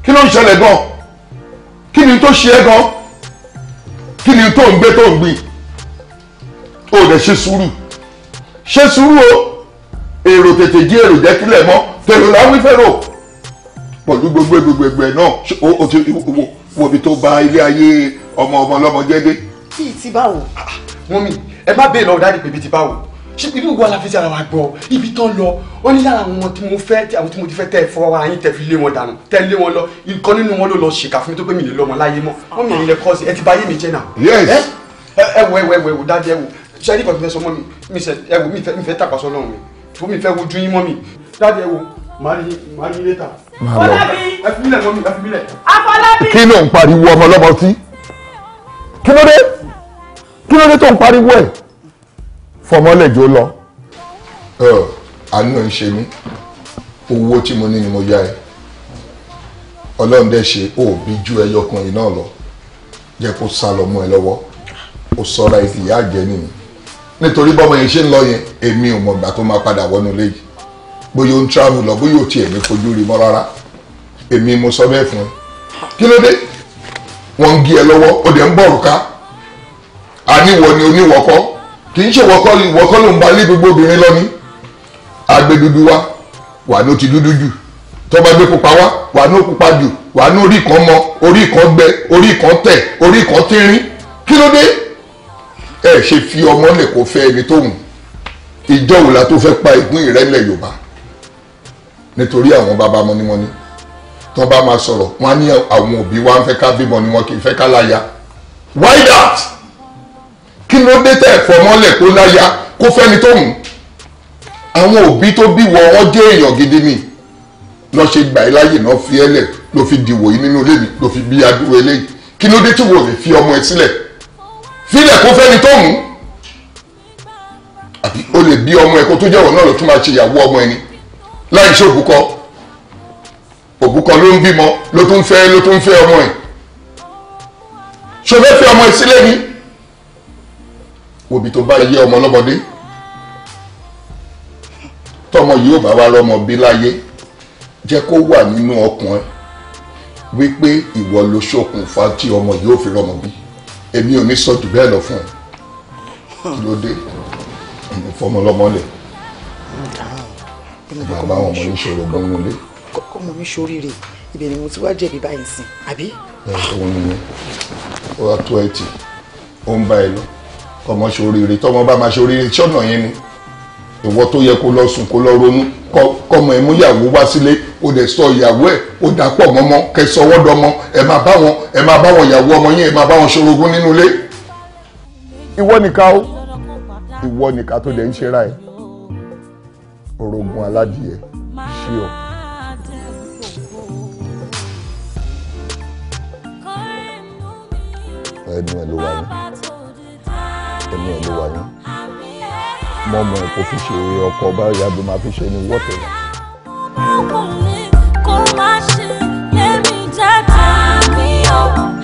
kí ló ń ṣẹlẹ̀ gan kí ni tó ṣe é gan kí ni tó ń gbé tó ń gbìn ó lè ṣe sùúrù ṣe sùúrù o èrò tètè jí èrò jẹ́ kílẹ̀ mọ́ tèrò láwí fẹ́rò pọ̀lú gbogbo gbogbo ẹ̀ náà o ti wo ibi tó ba ilé ayé ọmọ ọmọ ọlọ́mọ jẹ́ dé. bíi ti báwo. Ah, mọ́mí ẹ má bẹ́ẹ̀ lọ dáàdì pé bíi ti báwo ṣé ibi ìwọ la fi ṣe ara wa gbọ́ ibi tán lọ ó ní lára àwọn tí mo fẹ́ àwọn tí mo ti fẹ́ tẹ́ ẹ fọwọ́ ara yín tẹ́ fi lé wọn dànù tẹ́ lé wọn lọ nǹkan nínú wọn ló lọ ṣèkà fún tó pé mi lè lọ́mọ láyé mọ́ wọ́n mi ìrìnlẹ̀ kọ́ọ̀sì ẹ ti bà ayé mi jẹ́ náà. ẹ wo ẹ wo ẹ wo ẹ wo dájú ẹ wo ṣé ẹni fẹ́ sọ mọ́ mi mi sẹ ẹ wo mi fẹ́ tàpasọ́ lọ́run mi fún mi fẹ́ wojú yín mọ́ mi dájú ẹ wo màá rí màá rí létà. Fọlábí ẹ fi mílẹ̀ mọ́ mi ẹ fi mílẹ̀ fọmọlẹjọ lọ. àánú ń ṣe mí owó tí mo ní ni mo yá ẹ ọlọ́run dẹ̀ ṣe òbí ju ẹyọ kan yìí náà lọ jẹ́ kó sá lọ mọ́ ẹ lọ́wọ́ ó sọ́ra ẹ ti yá àjẹ́ nìyí nítorí bọ́mọ yẹn ṣe ń lọ yẹn èmi ò mọ̀ tó máa padà wọnú ilé bóyá ó ń travel lọ bóyá ó tiẹ̀ ní fojú rí mọ́ rárá èmi mo sọ bẹ́ẹ̀ fún ẹ kí ló dé wọ́n ń gé ẹ lọ́wọ́ ó dẹ̀ ń bọ̀ òrùka àníwọ̀ ni oníwọ̀ kọ́ kì í ṣe wọ́kọ́lù wọ́kọ́lù ń balẹ̀ gbogbo obìnrin lọ ní agbe dúdú wa wà ní o ti dúdú jù tọ́ba gbé pupa wá wà ní o pupa jù wà ní orí kan mọ orí kan gbẹ orí kan tẹ̀ orí kan tínrín kí ló dé ẹ ṣe fi ọmọ lẹ̀ kó fẹ́ ẹni tó hùn ìjọ wò la tó fẹ́ pa ìpín ìrẹ́lẹ̀ Yorùbá nítorí àwọn bàbá mọ́nímọ́ní tó máa sọ̀rọ̀ wọn á ní àwọn òbí wa ń fẹ́ ká bímọ ni wọn kì í fẹ́ ká láya why that kí ló dé tẹ̀ fọmọ́lẹ̀ kó láyà kó fẹ́ni tó mú àwọn òbí tó bí wọ wọn jẹ́ èèyàn gidi ni lọ ṣe gbà ẹ́ láyè náà fi ẹ́lẹ̀ ló fi dìwò yìí nínú ilé mi ló fi bí adúrú eléyìí kí ló dé tí wò lè fi ọmọ ẹ sílẹ̀ fílẹ̀ kó fẹ́ni tó mú àbí o lè bí ọmọ ẹ kó tó jẹ́wọ́ náà ló tún máa ṣe ìyàwó ọmọ ẹni láì ṣe òbúkọ òbúkọ ló ń bímọ ló tún fẹ́ ló tún fẹ́ ọmọ ẹ ṣo fi ọmọ ẹ sílẹ̀ ni òbí tó bá yé ọmọ lọ́mọdé tọmọ yìí ò bá wá rọmọ bí láyé jẹ́ kó wà nínú ọkàn ẹ wípé ìwọ ló ṣokùnfà tí ọmọ yìí ò fi rọmọ bí èmi ò ní sọ jù bẹ́ẹ̀ lọ fún ẹ kí ló dé èmi fọmọ lọ́mọ lẹ̀ bàbá àwọn ọmọ ìṣòro gan nílé. kọ́mọ mi ṣoríire ibẹ̀ ni mo ti wá jẹ̀bi báyìí sìn àbí. ẹ ẹ òun ni ó wá tó ẹ tì ó ń bá ẹ lọ kọmọ ṣoríire tọmọ bá máa ṣoríire ṣọ́nà yẹn ni ìwọ tó yẹ kó lọ sùn kó lọ ronú kọmọ ìmúyàwó wá sílé ó dẹ̀ sọ ìyàwó ẹ̀ ó dàpọ̀ mọ́mọ́ kẹsọwọ́dọmọ ẹ máa bá wọn ẹ máa bá wọn ìyàwó ọmọ yẹn ẹ máa bá wọn ṣorogún nínú ilé. ìwọ nìkan ó ìwọ nìkan tó dẹ̀ ń ṣe ra ẹ̀ aládìẹ ṣí ọ. ẹnu ẹ ló wà ní èmi ò lè wà mọ èkó fi ṣe ọkọ báyà bí máa fi ṣe ní wọ́tẹ̀. kò má ṣe lè mi dáadáa mi ò.